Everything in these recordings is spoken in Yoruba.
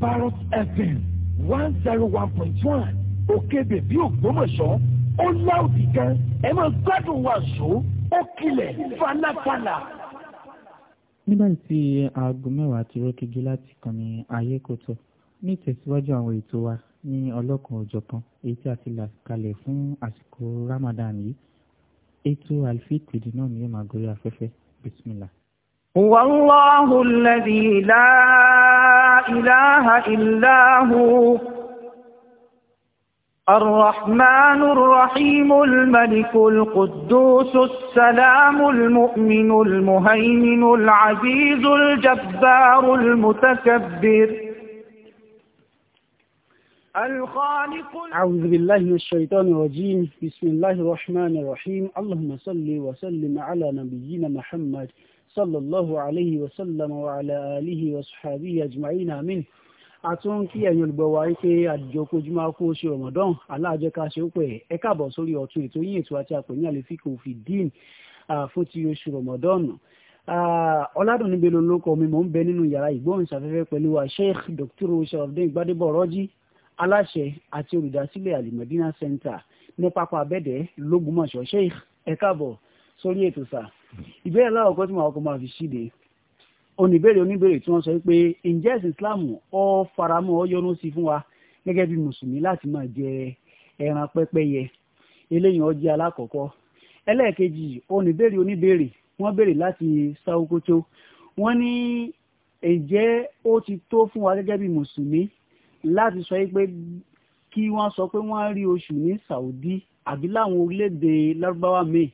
Barrett FM one zero oh one point one òkè bèbí Ògbómọ̀ṣọ́ ó láòdì gan ẹ máa gbádùn wa ṣó ó kilẹ̀ falafala. nígbà tí aago mẹ́wàá ti rókejì láti kàn ní ayé kò tọ́ ní ìtẹ̀síwájú àwọn ètò wa ní ọlọ́kan òjọ̀kan èyí tí a ti là kalẹ̀ fún àsìkò Ramadan yìí ètò àlfíìpìdì náà ni yóò máa gorí afẹ́fẹ́ bisimilá. Huwa Allahu alladhi إله إلا هو الرحمن الرحيم الملك القدوس السلام المؤمن المهيمن العزيز الجبار المتكبر الخالق أعوذ بالله من الشيطان الرجيم بسم الله الرحمن الرحيم اللهم صل وسلم على نبينا محمد صلى الله عليه وسلم وعلى آله وصحابه wa sahbihi ajma'in amin àtún kí ẹ̀yin olùgbọ̀wá wípé àdìjọ kojúmọ́ kó ṣe ramadan aláàjẹ ká ṣe ó pẹ ẹ káàbọ̀ sórí ọ̀tún ètò yín ètò àti àpò ní àlefíkò òfin dín fún ti oṣù ramadan ọládùnní belo lóko mi mò ń bẹ nínú yàrá ìgbóhùnsáfẹ́fẹ́ pẹ̀lú wa sheikh dr sharafdin gbadebo rọjí aláṣẹ àti olùdásílẹ̀ alimọdínà center ní pápá abẹdẹ lógúnmọṣọ sheikh ẹ káàbọ̀ sórí ètò sà ìbéèrè aláwọ̀kọ́ tí màá kọ́ máa fi ṣíde oníbèrè oníbèrè tí wọ́n sọ pé ǹjẹ́ ẹ̀sìn Islam ọ faramọ́ ọ yọ́nú sí fún wa gẹ́gẹ́ bí mùsùlùmí láti máa jẹ ẹran pẹ́pẹ́yẹ eléyìí ó jẹ́ alákọ̀ọ́kọ́ ẹlẹ́ẹ̀kejì oníbèrè oníbèrè wọ́n béèrè láti Sáwókótó wọ́n ní ǹjẹ́ ó ti tó fún wa gẹ́gẹ́ bí mùsùlùmí láti sọ pé kí wọ́n sọ pé wọ́n rí oṣù ní Saudi àbí láwọn orílẹ̀-èdè lárúbáwá míì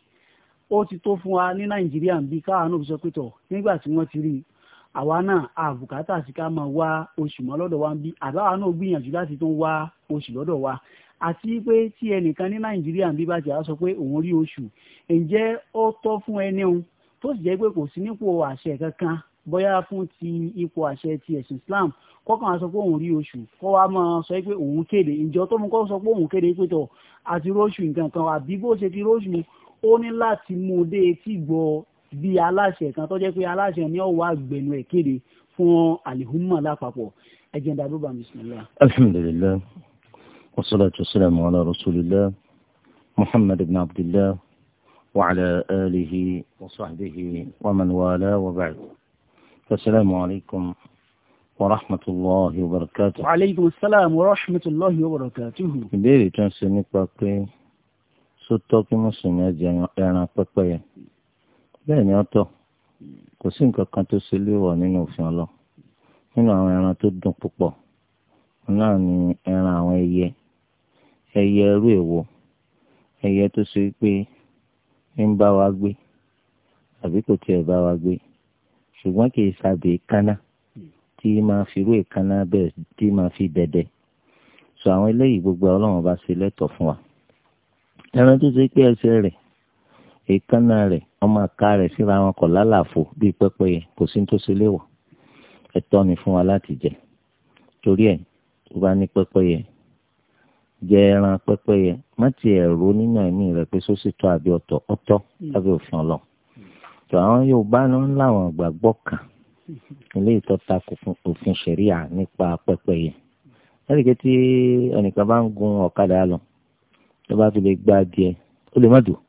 ó ti tó fún wa ní nàìjíríà ń bí káwọn òbí sọ pé tọ̀ nígbà tí wọ́n ti rí àwa náà àbùkátà sí ká máa wá oṣù mọ́ lọ́dọ̀ wa ń bí àbáwa náà gbìyànjú láti tún wá oṣù lọ́dọ̀ wa àti pé tí ẹnìkan ní nàìjíríà ń bí bá ti àá sọ pé òun rí oṣù ǹjẹ́ ó tọ́ fún ẹni òun tó sì jẹ́ pé kò sí nípò àṣẹ kankan bóyá fún ti ipò àṣẹ ti ẹ̀sìn Islam kọ́kàn á sọ pé òun rí oṣù kọ́ wa máa sọ pé òun kéde ìjọ tó mú kọ́ sọ pé òun kéde pé tọ̀ àti róṣù nǹkan kan àbí bó ṣe ti róṣù ó ní láti mú un dé etí gbọ́ bí aláṣẹ kan tó jẹ́ pé aláṣẹ ni ó wà gbẹnu ẹ̀ kéde fún alihumma lápapọ̀ ẹ̀jẹ̀ dàdúbà bismillah. alhamdulilayi wasalaatu wasalaamu ala rasulillah muhammad ibn abdillah wa ala alihi wa sahbihi wa man wala wa ba'd asalaamu alaykum wa rahmatulahi wa barakatuh. wa aleykum salaam wa tó tọ́ kí mùsùlùmí jẹ ẹran pẹ́pẹ́yẹ bẹ́ẹ̀ ni ọ tọ̀ kò sí nǹkan kan tó ṣe léèwọ̀ nínú òfin ọlọ́ nínú àwọn ẹran tó dùn púpọ̀ náà ni ẹran àwọn ẹyẹ ẹyẹ ẹrú èwo ẹyẹ tó ṣe pé ń bá wa gbé àbí kò tiẹ̀ bá wa gbé ṣùgbọ́n kì í sábẹ́ kánná tí máa fi rú èkánná bẹ́ẹ̀ tí máa fi dẹ̀dẹ̀ sọ àwọn eléyìí gbogbo ọlọ́run bá ṣe lẹ́tọ̀ọ́ fún wa. ẹran tó ṣe pé ẹsẹ̀ rẹ̀ èékánná rẹ̀ ọmọ àka rẹ̀ síra wọn kò lálàfo bíi pẹ́pẹ́yẹ kò sí tó ṣe léwọ̀ ẹ̀tọ́ ni fún wa láti jẹ torí ẹ̀ tó bá ní pẹ́pẹ́yẹ jẹ ẹran pẹ́pẹ́yẹ má ti ẹ̀rọ nínú ẹ̀mí rẹ̀ pé sósì tó àbí ọ̀tọ̀ ọ̀tọ̀ lábẹ́ òfin ọlọ́run tó àwọn Yorùbá ló ń láwọn gbàgbọ́ kan ilé ìtọ́ ta òfin ṣẹ̀ríà nípa pẹ́pẹ́yẹ ẹ̀ríkẹ́ tí ẹnìkan bá ń gun ọ̀kadà lọ tó bá fi lè gba adìẹ ó lè má dùn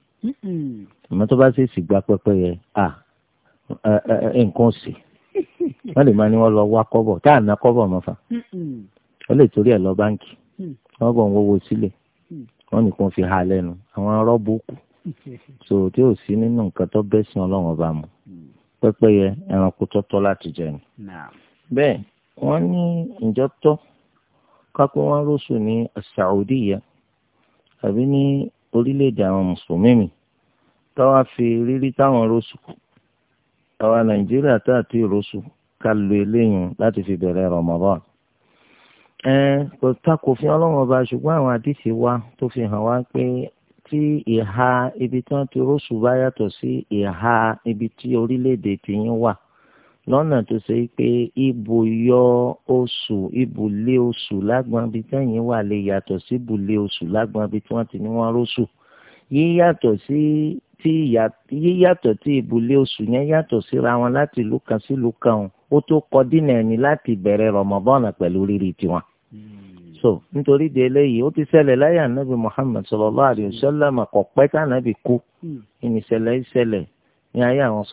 àmọ́ tó bá sì sì gba pẹ́pẹ́yẹ à nǹkan sì wọ́n lè máa ní wọ́n lọ wá kọbọ tá à ná kọ́bọ̀ mọ́ fa ó lè torí ẹ lọ báǹkì mm. wọ́n bọ̀ ń wọ́wọ́ sílẹ̀ mm. wọ́n nìkan fi ha lẹnu àwọn rọ́ọ̀bù kù so tí ò sí nínú nǹkan tó bẹ́ sí ọlọ́run ọba mu mm. pẹpẹ yẹ ẹranko tọtọ láti jẹ ni bẹ́ẹ̀ wọ́n ní ìjọ tọ́ kápẹ́ wọn rọ́ṣù ní saudi yẹn àbí ní orílẹ̀-èdè àwọn mùsùlùmí mi táwa fi rírí táwọn rọ́ṣù àwa nàìjíríà tá àti rọ́ṣù ká lo eléyìí láti fi bẹ̀rẹ̀ Ramadan kò takò fi ọlọ́run ọba ṣùgbọ́n àwọn àdìsí wa tó fi hàn wá pé tí ìhà ibi tí wọ́n ti rọ́ṣù bá yàtọ̀ sí ìhà ibi tí orílẹ̀-èdè tiyín wà lọ́nà tó ṣe pé ibù yọ oṣù ibù lé oṣù lágbọn bí tẹ́yìn wà lè yàtọ̀ sí ibù lé oṣù lágbọn bí tí wọ́n ti ní wọ́n róṣù yíyàtọ̀ sí tí yíyàtọ̀ tí ibù lé oṣù yẹn yàtọ̀ síra wọn láti ìlú kan sí ìlú kan ó tó kọ ẹni láti bẹ̀rẹ̀ rọmọbọ́ọ̀nà pẹ̀lú rírì tiwọn hmm. so nítorí de eléyìí ó ti ṣẹlẹ̀ láyé ànábì muhammed sallallahu alaihi wasallam kò pẹ́ tí ànábì kú hmm. ìníṣẹ̀lẹ̀ ìṣẹ̀lẹ̀ ní ayé àwọn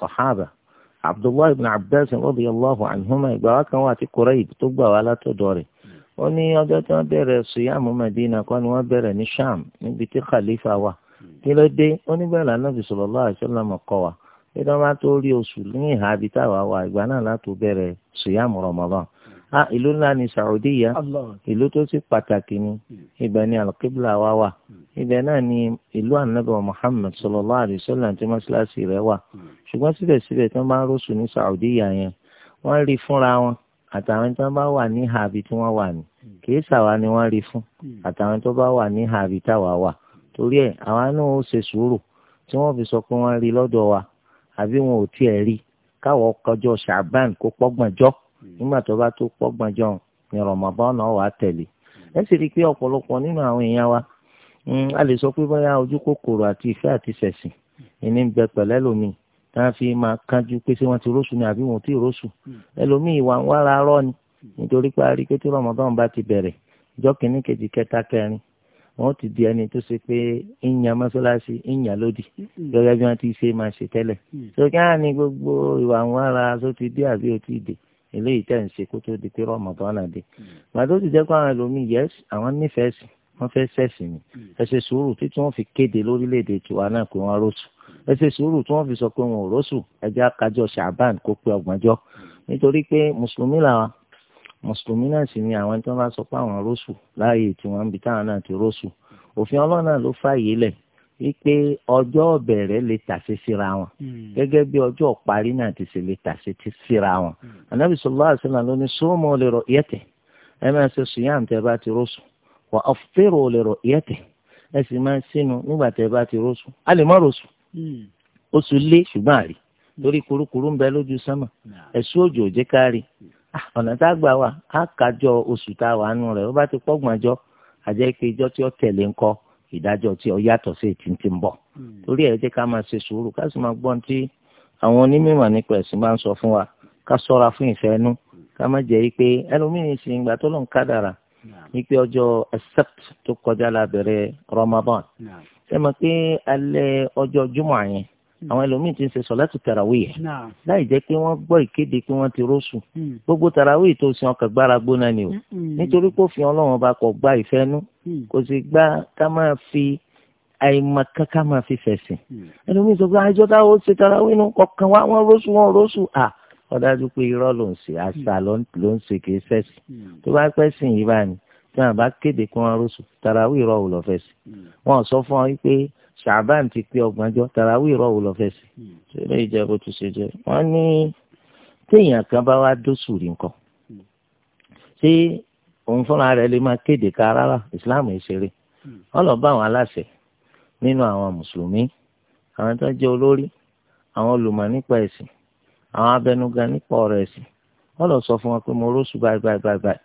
abdullahi ibn abbas radiyallahu anhuma ìgbà wa kan wà tí kurayb tó gbà wá látọ̀dọ̀ rẹ̀ ó ní ọjọ́ tí wọ́n bẹ̀rẹ̀ suyamu madina kọ́ ni wọ́n bẹ̀rẹ̀ ní sham níbi tí khalifa wà kí ló dé oníbẹ̀rẹ̀ anábì sallallahu alaihi wasallam kọ́ wa bí wọ́n bá tó rí oṣù ní ìhà àbí táwa ìgbà náà látò bẹ̀rẹ̀ suyamu ramadan ah ìlú ńlá ni Saudi ya, ìlú tó sì pàtàkì ni hmm. ibẹ̀ ni alqibla wa wà hmm. ibẹ̀ náà ni ìlú anabi Muhammad sallallahu alayhi wa sallam tí mọ́ṣáláṣí rẹ̀ wà hmm. ṣùgbọ́n síbẹ̀síbẹ̀ tí wọ́n bá ń rọ́ṣù ní Saudi ya yẹn wọ́n rí fúnra wọn àtàwọn tó bá wà ní hàbí tí wọ́n wà ní kì í ni wọ́n rí fún àtàwọn tó bá wà ní hàbí táwa wà torí ẹ̀ àwa náà ó ṣe sùúrù tí wọ́n fi sọ pé wọ́n rí lọ́dọ̀ wa àbí wọn ò tiẹ̀ rí káwọ́ kọjọ́ ṣàbán kó pọ́gbọ̀njọ́ nígbà tó bá tó pọ́gbọ́njọ́ ni Ramadan náà wà á tẹ̀lé ẹ sì rí i pé ọ̀pọ̀lọpọ̀ nínú àwọn èèyàn wa hmm, a lè sọ pé bóyá ojú kòkòrò àti ìfẹ́ àti ṣẹ̀sìn ìní ń bẹ pẹ̀lẹ́ lómi tá a fi máa kánjú pé ṣé wọ́n ti róṣù ni àbí wọn ò tí ẹlòmíì ìwà ń wára rọ́ ni nítorí pé a rí i pé tí Ramadan bá ti bẹ̀rẹ̀ ìjọ kìíní kejì kẹta kẹrin wọn ti di ẹni tó ṣe pé ìyàn mọ́ṣáláṣí ìyàn lódì gẹ́gẹ́ bí wọ́n ti ṣe máa ṣe tẹ́lẹ̀. Hmm. sọ kí á ní gbogbo ìwà ń wára só ti dé àbí ó ti dé eléyìí tẹ̀ ń ṣe kó tó di pé Ramadan dé hmm. gbàdó ti jẹ́ pé àwọn ẹlòmíì yẹ́s àwọn nífẹ̀ẹ́ sí wọ́n fẹ́ sẹ́sì ni hmm. ẹ ṣe sùúrù títí wọ́n fi kéde lórílẹ̀‐èdè tiwa náà pé wọ́n rọ́ṣù ẹ ṣe sùúrù tí wọ́n fi sọ pé wọ́n rọ́ṣù ẹjẹ́ akájọ ṣàbàn kó pé ọgbọ̀njọ́ hmm. nítorí pé mùsùlùmí làwọn mùsùlùmí náà sì ni àwọn tí wọ́n bá sọ pé àwọn rọ́ṣù láàyè tí wọ́n ń bi táwọn wípé ọjọ́ bẹ̀rẹ̀ lè tàṣe síra wọn hmm. gẹ́gẹ́ bí ọjọ́ parí náà ti ṣe lè tàṣe síra wọn anabi sọlá àṣìlá ló ní sọmọ lè rọ yẹtẹ ẹ máa ṣe tẹ bá ti rọṣù wà lè rọ yẹtẹ ẹ sì máa sínú nígbà tẹ bá ti rọṣù a lè má rọṣù hmm. oṣù lé ṣùgbọ́n àrí lórí hmm. kurukuru ń bẹ lójú sánmà ẹ̀sùn òjò ọnata kárí ah, ọ̀nà tá a gbà wá a oṣù tá a wà nù rẹ̀ ó ìdájọ́ tí ó yàtọ̀ sí ètí ti ń bọ̀ hmm. torí ẹ̀ jẹ́ ká máa ṣe sùúrù ká sì máa gbọ́n tí àwọn onímọ̀ nípa ẹ̀sìn máa ń sọ fún wa ká sọ́ra fún ìfẹ́ inú ká má jẹ́ pé ẹlòmíràn sì ń gbà tó lóun ká dára ní hmm. pé ọjọ́ accept tó kọjá lábẹ́rẹ́ Ramadan hmm. ṣé mọ̀ pé alẹ́ ọjọ́ jùmọ̀ yẹn àwọn hmm. ẹlòmíín ti ń ṣe sọ̀látù tarawih yẹn láì jẹ́ pé wọ́n gbọ́ ìkéde pé wọ́n ti róṣù hmm. gbogbo tarawih tó sin ọkàn gbára gbóná ni o hmm. nítorí kó fi ọlọ́run ọba kọ̀ gba ìfẹ́nu kò sì gba ká máa fi àìmọ̀ kankan máa fi fẹ̀sìn ẹlòmíín sọ pé àjọ ah, táwọn ṣe tarawih inú kọ̀ọ̀kan wá wọ́n róṣù wọ́n róṣù à ọ̀dájú pé irọ́ ló ń ṣe àṣà ló ń ṣe kì í fẹ̀sìn tó bá pẹ́ sìn yìí báyìí tí wọn bá kéde kí wọn rọṣù tarawí irọ́ ṣàbán ti pé ọgbọ̀njọ́ tàràwí ìrọ̀wò lọ́fẹ́ sí hmm. ṣẹlẹ̀ ìjẹ́ bó ti ṣe jẹ́ wọ́n ní téèyàn kan bá wá dóṣù rí nǹkan hmm. ṣé òun fúnra rẹ̀ lè máa kéde ká rárá Islam ìṣeré hmm. wọ́n lọ bá àwọn aláṣẹ nínú àwọn mùsùlùmí àwọn tó jẹ́ olórí àwọn olùmọ̀ nípa ẹ̀sìn àwọn abẹnugan nípa ọ̀rọ̀ ẹ̀sìn wọ́n lọ sọ fún wọn pé mo róṣù báyìí báyìí báyìí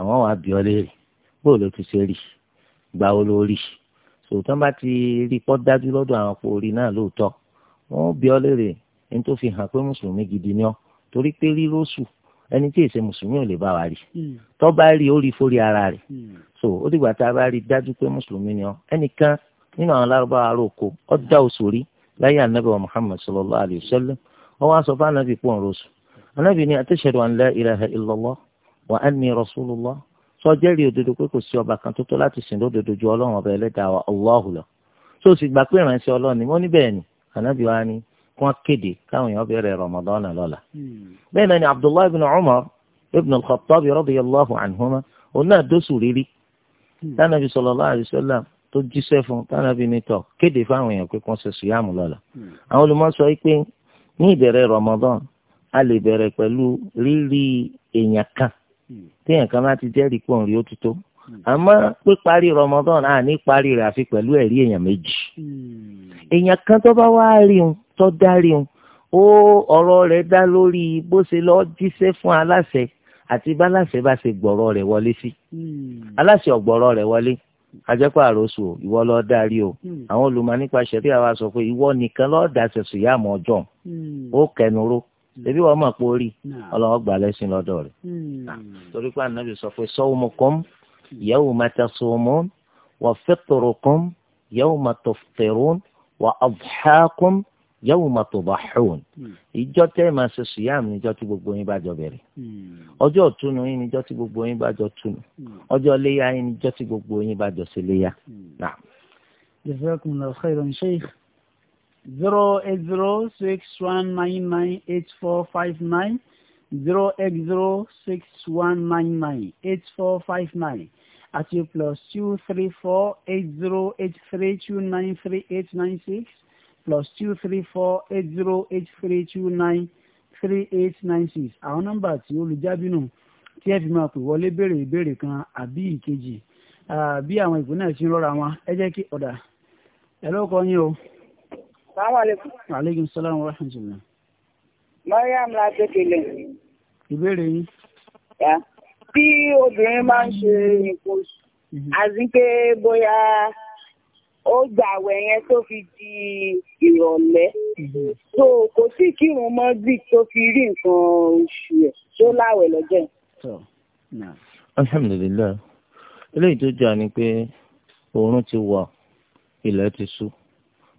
àwọn wàá bí ọ léèrè bóòlù ti ṣe rí gbà ó lórí sòtán bá ti rí pọ́ dájú lọ́dọ̀ àwọn àpòrí náà lóòótọ́ wọ́n bí ọ léèrè ní tó fi hàn pé mùsùlùmí gidi ni ọ́ torí pé rírọ́sù ẹni tí èsè mùsùlùmí ò lè bá wa rí hmm. tó bá rí ó rí fórí ara rẹ̀ hmm. so ó dìgbà tá a bá rí dájú pé mùsùlùmí ni ọ́ ẹnìkan nínú àwọn lárúbáwá roko ọ́ dá oṣù rí láyé anabi wa muhammad sallallahu alayhi wa sallam wọ́n wá sọ fún anabi pọ̀ ń rọ́sù anabi ni atashhadu an la illallah wa anni rasulullah tọ́jẹ́rì òdodo pé kò sí ọba kan tó tọ́ láti sìn lódodo ju ọlọ́run ọba ẹlẹ́dàá wa Allahu lọ tó sì gbà pé ìrànṣẹ́ ọlọ́run ni mo ní bẹ́ẹ̀ ni ànábì wa ni wọ́n kéde káwọn èèyàn bẹ̀rẹ̀ Ramadan lọ́la. bẹ́ẹ̀ náà ni Abdullahi ibn Umar ibn al-Khattab radiyallahu anhuma òun náà dóṣù rírí tánàbí sallallahu alaihi wasallam tó jíṣẹ́ fún tánàbí nítọ̀ kéde fáwọn èèyàn pé kàn ṣe sùyàmù lọ́la. àwọn olùmọ̀ sọ pé ní ìbẹ̀rẹ̀ Ramadan a lè bẹ̀rẹ̀ pẹ̀lú rírí èèyàn kan téèyàn kan bá ti jẹ́rìí pọ̀ nrí ó ti tó hmm. àmọ́ píparí Ramadan náà ní parí rẹ̀ àfi pẹ̀lú ẹ̀rí èèyàn méjì hmm. èèyàn kan tó bá wá rí un tó dá rí un ó ọ̀rọ̀ rẹ̀ dá lórí bó ṣe lọ́ọ́ jíṣẹ́ fún aláṣẹ àti báláṣẹ bá ṣe gbọ̀rọ̀ rẹ̀ wọlé sí hmm. aláṣẹ ọ̀gbọ̀rọ̀ rẹ̀ wọlé ajẹ́pọ̀ àròsọ ìwọ lọ́ọ́ darí o àwọn olùmọ̀ nípa ṣẹ̀ríà wa sọ pé ìwọ nìkan lọ́ọ́ dàṣẹ̀ sùyàmù ọjọ́ ó kẹnuró ebi wọn mọ̀ pé ó rí ọlọ́wọ́ gbà lẹ́sìn lọ́dọ̀ rẹ̀ hmm. torí pé ànábì sọ pé sawmukum yawma tasumun wa fitrukum yawma tuftirun wa adhakum yawma tudahhun hmm. ìjọ tẹ́ ẹ̀ máa ṣe sùyàm níjọ́ tí gbogbo yín bá jọ bẹ̀rẹ̀ hmm. ọjọ́ ìtúnu yín níjọ́ tí gbogbo yín bá jọ túnu ọjọ́ léyà yín níjọ́ tí gbogbo yín bá jọ ṣe léyà. jazakumullahu khairan sheikh zero eight zero six one nine nine eight four five nine zero eight zero six one nine nine eight four five nine At you plus two three four eight zero eight three two nine three eight nine six plus two three four eight zero eight three two nine three eight nine six àwọn nọ́mbà tí olùjábínú tí ẹ fi máa pè wọlé béèrè ìbéèrè kan àbí ìkejì ah, bí àwọn ìpínlẹ̀ ti ń rọra wọn ẹ jẹ́ kí ọ̀dà ẹ lóko yín o. Sàmàlẹ́kùn. Aleykum salaam wa rahmatulah. Mariam la kékeré. Ìbéèrè yín. Bí obìnrin máa ń ṣe nǹkan oṣù, àti mhm. pé bóyá ó gbà àwẹ̀ yẹn tó fi di ìrọ̀lẹ́. Mhm. So kò sí kírun mọ́ bí tó fi rí nǹkan oṣù ẹ̀ tó láwẹ̀ lọ́jọ́ yẹn. Alhamdulilayi, eléyìí tó jà ni pé oòrùn ti wọ̀, ilẹ̀ ti ṣú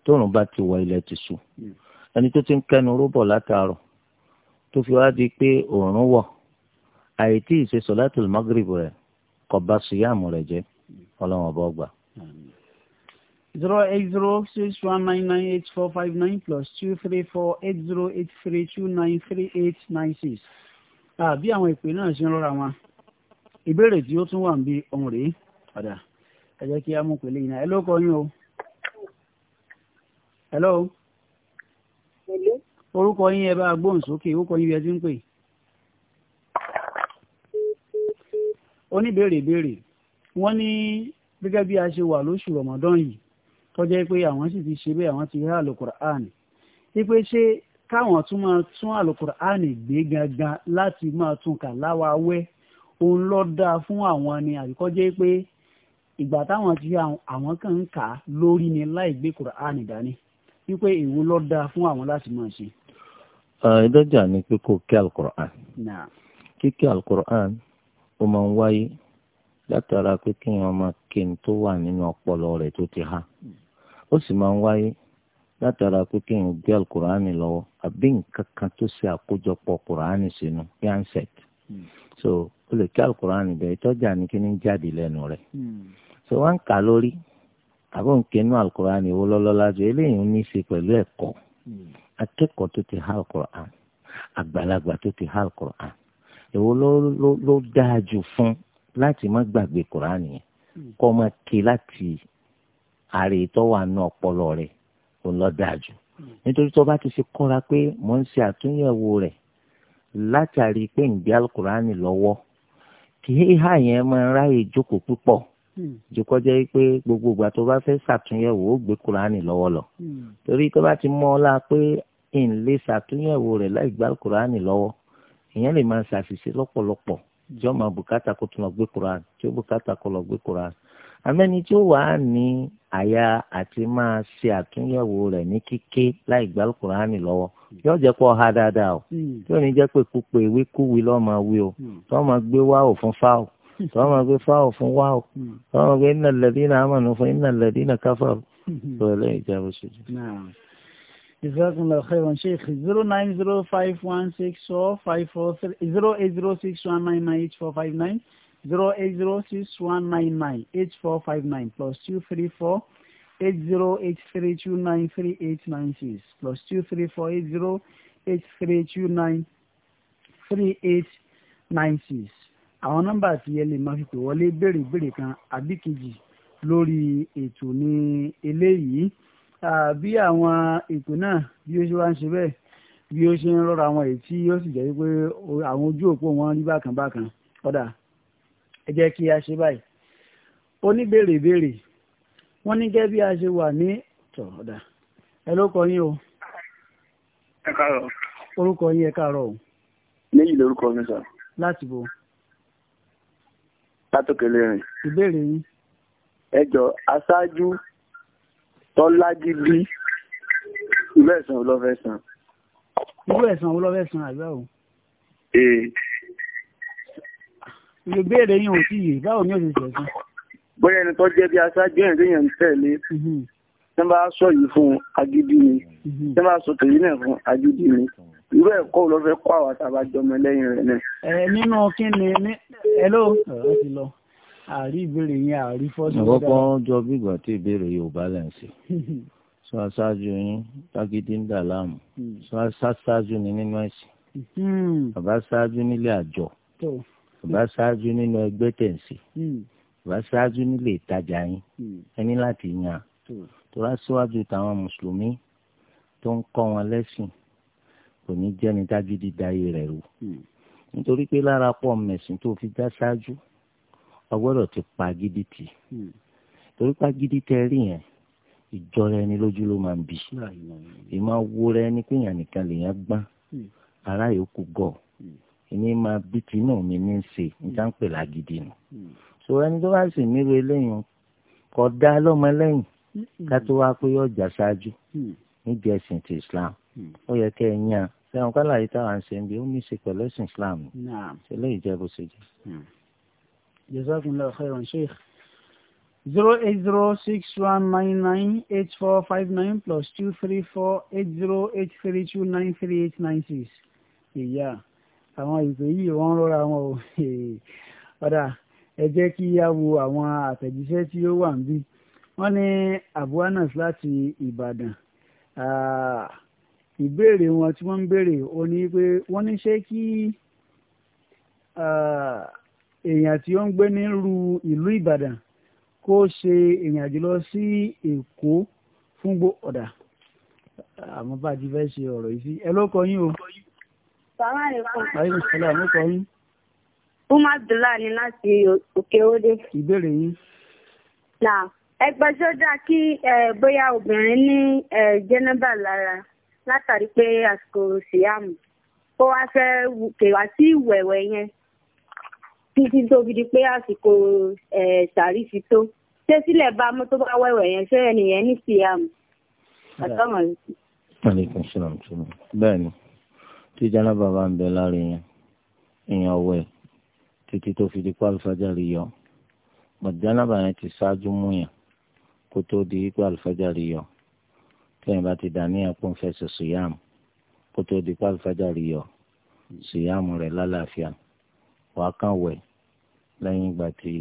tóòrùn bá ti wọ ilẹ̀ ti sùn hmm. ẹni tó ti ń kẹnu rúbọ̀ látàárọ̀ tó fi wá di pé òórùn wọ̀ àìtí ìṣe sọ̀látùl magrib rẹ̀ kò bá síyàmù rẹ̀ jẹ́ hmm. ọlọ́run ọba ọgbà. Hmm. zero eight zero six one nine nine eight four five nine plus two three four eight zero eight three two nine three eight nine six. àbí àwọn ìpè náà ṣe ń rọra wọn ìbéèrè tí ó tún wà ń bí ọ̀hún rèé padà ẹ jẹ́ kí á yìí náà ẹ ló kọ́ yín o hello. hello. orúkọ yín ẹ bá a gbóhùn sókè orúkọ yín bí ẹ ti ń pè. oníbèrè béèrè wọ́n ní gẹ́gẹ́ bí a ṣe wà lóṣù rọ̀mọ́dán yìí tó jẹ́ pé àwọn sì ti ṣe bẹ́ẹ̀ àwọn ti há àlùkùránì wípé ṣé káwọn tún máa tún àlùkùránì gbé gangan láti máa tún kà láwáwẹ́ òun ló dáa fún àwọn ni àbíkọ́ jẹ́ pé ìgbà táwọn ti àwọn kan ń kà lórí ni láì gbé kùránì dání wípé èwo ló dáa fún àwọn láti máa ṣe. Ah, ìdájà ni pé kò kí alukur'an kíkí alukur'an ó máa ń wáyé látara pé kéèyàn máa kí ni tó wà nínú ọpọlọ rẹ̀ tó ti há ó sì máa ń wáyé látara pé kéèyàn gbé alukur'an lọ́wọ́ àbí nǹkan kan tó ṣe àkójọpọ̀ kur'an sínú yansẹt hmm. so o lè kí alukur'an bẹ́ẹ̀ ìtọ́jà ni kí ni jáde lẹ́nu rẹ̀ hmm. so wọ́n ń kà lórí àbọ̀ nǹkan inú alukur'an ìwọ lọ́lọ́lá ju eléyìí ní í ṣe pẹ̀lú ẹ̀kọ́ akẹ́kọ̀ọ́ tó ti há alukur'an àgbàlagbà tó ti há alukur'an ìwọ ló dáa jù fún láti má gbàgbé kur'an yẹn kọ́ máa ké láti ààrẹ tó wà ní ọpọlọ rẹ̀ ó lọ dáa jù nítorí tó bá ti fi kọ́ra pé mò ń ṣe àtúnyẹ̀wò rẹ̀ látàrí pé ń gbé alukur'an lọ́wọ́ kì í há yẹn máa ráyè jókòó púpọ̀ Hmm. jùkọ́ jẹ́ pé gbogbo ìgbà tó bá fẹ́ ṣàtúnyẹ̀wò ó gbé kuraani lọ́wọ́ lọ hmm. torí tó bá ti mọ́ ọ́ la pé ń lè ṣàtúnyẹ̀wò rẹ̀ láì gbá kuraani lọ́wọ́ ìyẹn lè máa ṣàṣìṣe lọ́pọ̀lọpọ̀ jọ máa bùkátà kó tún lọ gbé kuraani tí ó bùkátà kó lọ gbé kuraani amẹ́ni tí ó wàá ní àyà àti máa ṣe àtúnyẹ̀wò rẹ̀ ní kíké láì gbá kuraani lọ́wọ́ hmm. yóò jẹ́ kó ha dáadáa o tí ní jẹ́ pé kúpe ìwé kúwi sọ́wọ́n máa gbé fáwọ̀ fún wáwọ̀ sọ́wọ́n hmm. máa gbé iná lẹ́dí náà àmàlù fún iná lẹ́dí náà káfà sọ̀rọ̀ lẹ́yìn ìjà bó ṣe jù. Jazakumullahu khairan Sheikh zero nine zero five one six four five four three zero eight zero six one nine nine eight four five nine zero eight zero six one nine nine eight four five nine plus two three four eight zero eight three two nine three eight nine six plus two three four eight zero eight three two nine three eight nine six àwọn nọ́mbà tí ẹ lè máa fi pè wọlé béèrè ìbéèrè kan àbí kejì lórí ètò ní eléyìí àbí àwọn ètò náà bí ó ṣe wá ń ṣe bẹ́ẹ̀ bí ó ṣe ń rọra àwọn èyí tí ó sì jẹ́ pé àwọn ojú òpó wọn rí bákan bákan ọ̀dà ẹ jẹ́ kí a ṣe báyìí oníbèrè ìbéèrè wọ́n ní gẹ́gẹ́ bí a ṣe wà ní tọ̀ ọ̀dà ẹ ló kọ yín o. ẹ káàárọ̀. orúkọ yín ẹ káàárọ̀ o. méjì lórúkọ mi sọ. láti bo látòkèlè rìn. ìbéèrè yín. ẹ jọ aṣáájú tọ́lájí bí irú ẹ̀sán wo ló fẹ́ san. irú ẹ̀sán wo ló fẹ́ san àgbà o. ee. ìbéèrè yín ò tíye báwo ni ó ṣe ṣẹ̀sán. bóyá ẹni tó jẹ́ bí aṣáájú ẹ̀ léèyàn ń tẹ̀lé mhm. tí wọ́n bá sọ yìí fún agídí ni mhm. tí wọ́n bá sọ tèyí náà fún agídí ni irú ẹ̀kọ́ ló fẹ́ kọ́ àwọn tàbá jọmọ lẹ́yìn rẹ̀ náà. ẹ nínú kí ni hello. ọ̀rọ̀ ti lọ àrí ìbéèrè yẹn àrí fọ́sùn. àkọ́kọ́ jọ bí ìgbà tí ìbéèrè yorùbá lẹ̀ ń ṣe sọ aṣáájú yín tágídí ń dà láàmú hmm. sọ aṣáájú ni nínú ẹ̀sìn hmm. bàbá aṣáájú nílé àjọ bàbá aṣáájú nínú ẹgbẹ́ tẹ̀sí hmm. bàbá aṣáájú nílé ìtajà yín ẹni láti yàn tó rá síwájú táwọn mùsùlùmí tó ń kọ́ wọn lẹ́sìn kò ní jẹ́ni dágídí dayé rẹ̀ rú hmm. nítorí pé lára pọ̀ mẹ̀sìn tó fi dá ṣáájú ọgbọ́dọ̀ ti pa gidi tì hmm. torí pa gidi tẹ rí yẹn ìjọra ẹni lójú ló máa ń bì ìmọ̀ wo rẹ ni pé yàn nìkan lèèyàn gbọ́n hmm. ara yòókù gọ̀ ìní máa bí tinú mi ní í ṣe níta ń pè lágídí nù so ẹni tó bá sì nílò eléyìí kò dá lọ́mọlẹ́yìn ká tó wá pé ọjà ṣáájú níbi ẹ̀sìn ti Islam ó yẹ kẹ́ ẹ yàn sẹ́wọ̀n kálá yìí táwọn à ń ṣe ń bí ó ní í ṣe pẹ̀lú ẹ̀sìn Islam ṣe léyìí jẹ́ bó ṣe jẹ́. jazakumullahu khairan sheikh zero eight zero six one nine nine eight four five nine plus two three four eight zero eight three two nine three eight nine six ìyá àwọn ìpè yìí wọ́n rọra wọn ò ọ̀dà ẹ jẹ́ kí a wo àwọn àtẹ̀jíṣẹ́ tí ó wà ń bí wọ́n ní abu anas láti Ìbàdàn. Ah, ìbéèrè wọn tí wọ́n ń béèrè ó ní pé wọ́n ní ṣé kí èèyàn tí ó ń gbé nírú ìlú Ìbàdàn kó ṣe ìrìnàjò lọ sí Èkó fún gbó ọ̀dà àmọ́ bá a ti fẹ́ ṣe ọ̀rọ̀ yìí sí ẹ ló kọ yín o. bàbá rẹ kọ. báyìí ní sọlá ló kọ yín. umar abdullah ni láti òkè òde. ìbéèrè yín. nà ẹgbẹ́ sójà kí bóyá obìnrin ní jẹ́nẹ́bà lára látàrí pé àsìkò síyàmù ó wá fẹ́ kèwà sí ìwẹ̀wẹ̀ yẹn títí tó fi pé àsìkò sàrí fi tó ṣé sílẹ̀ bá mú tó bá wẹ̀wẹ̀ yẹn ṣé ẹnìyẹn ní síyàmù àtọ́mọ̀ aleykum salaam tuma bẹ́ẹ̀ ni tí janaba bá ń bẹ lára yẹn èèyàn wẹ̀ títí tó fi di pé yọ bàtí janaba yẹn ti ṣáájú mú yàn kó tó di pé yọ tẹ́yìn bá ti dàníyàn pọ̀ ń fẹsẹ̀ sùyàmù kó tó di pálífàjà rí yọ sùyàmù rẹ̀ lálàáfíà wà á kàn wẹ̀ lẹ́yìn ìgbà tí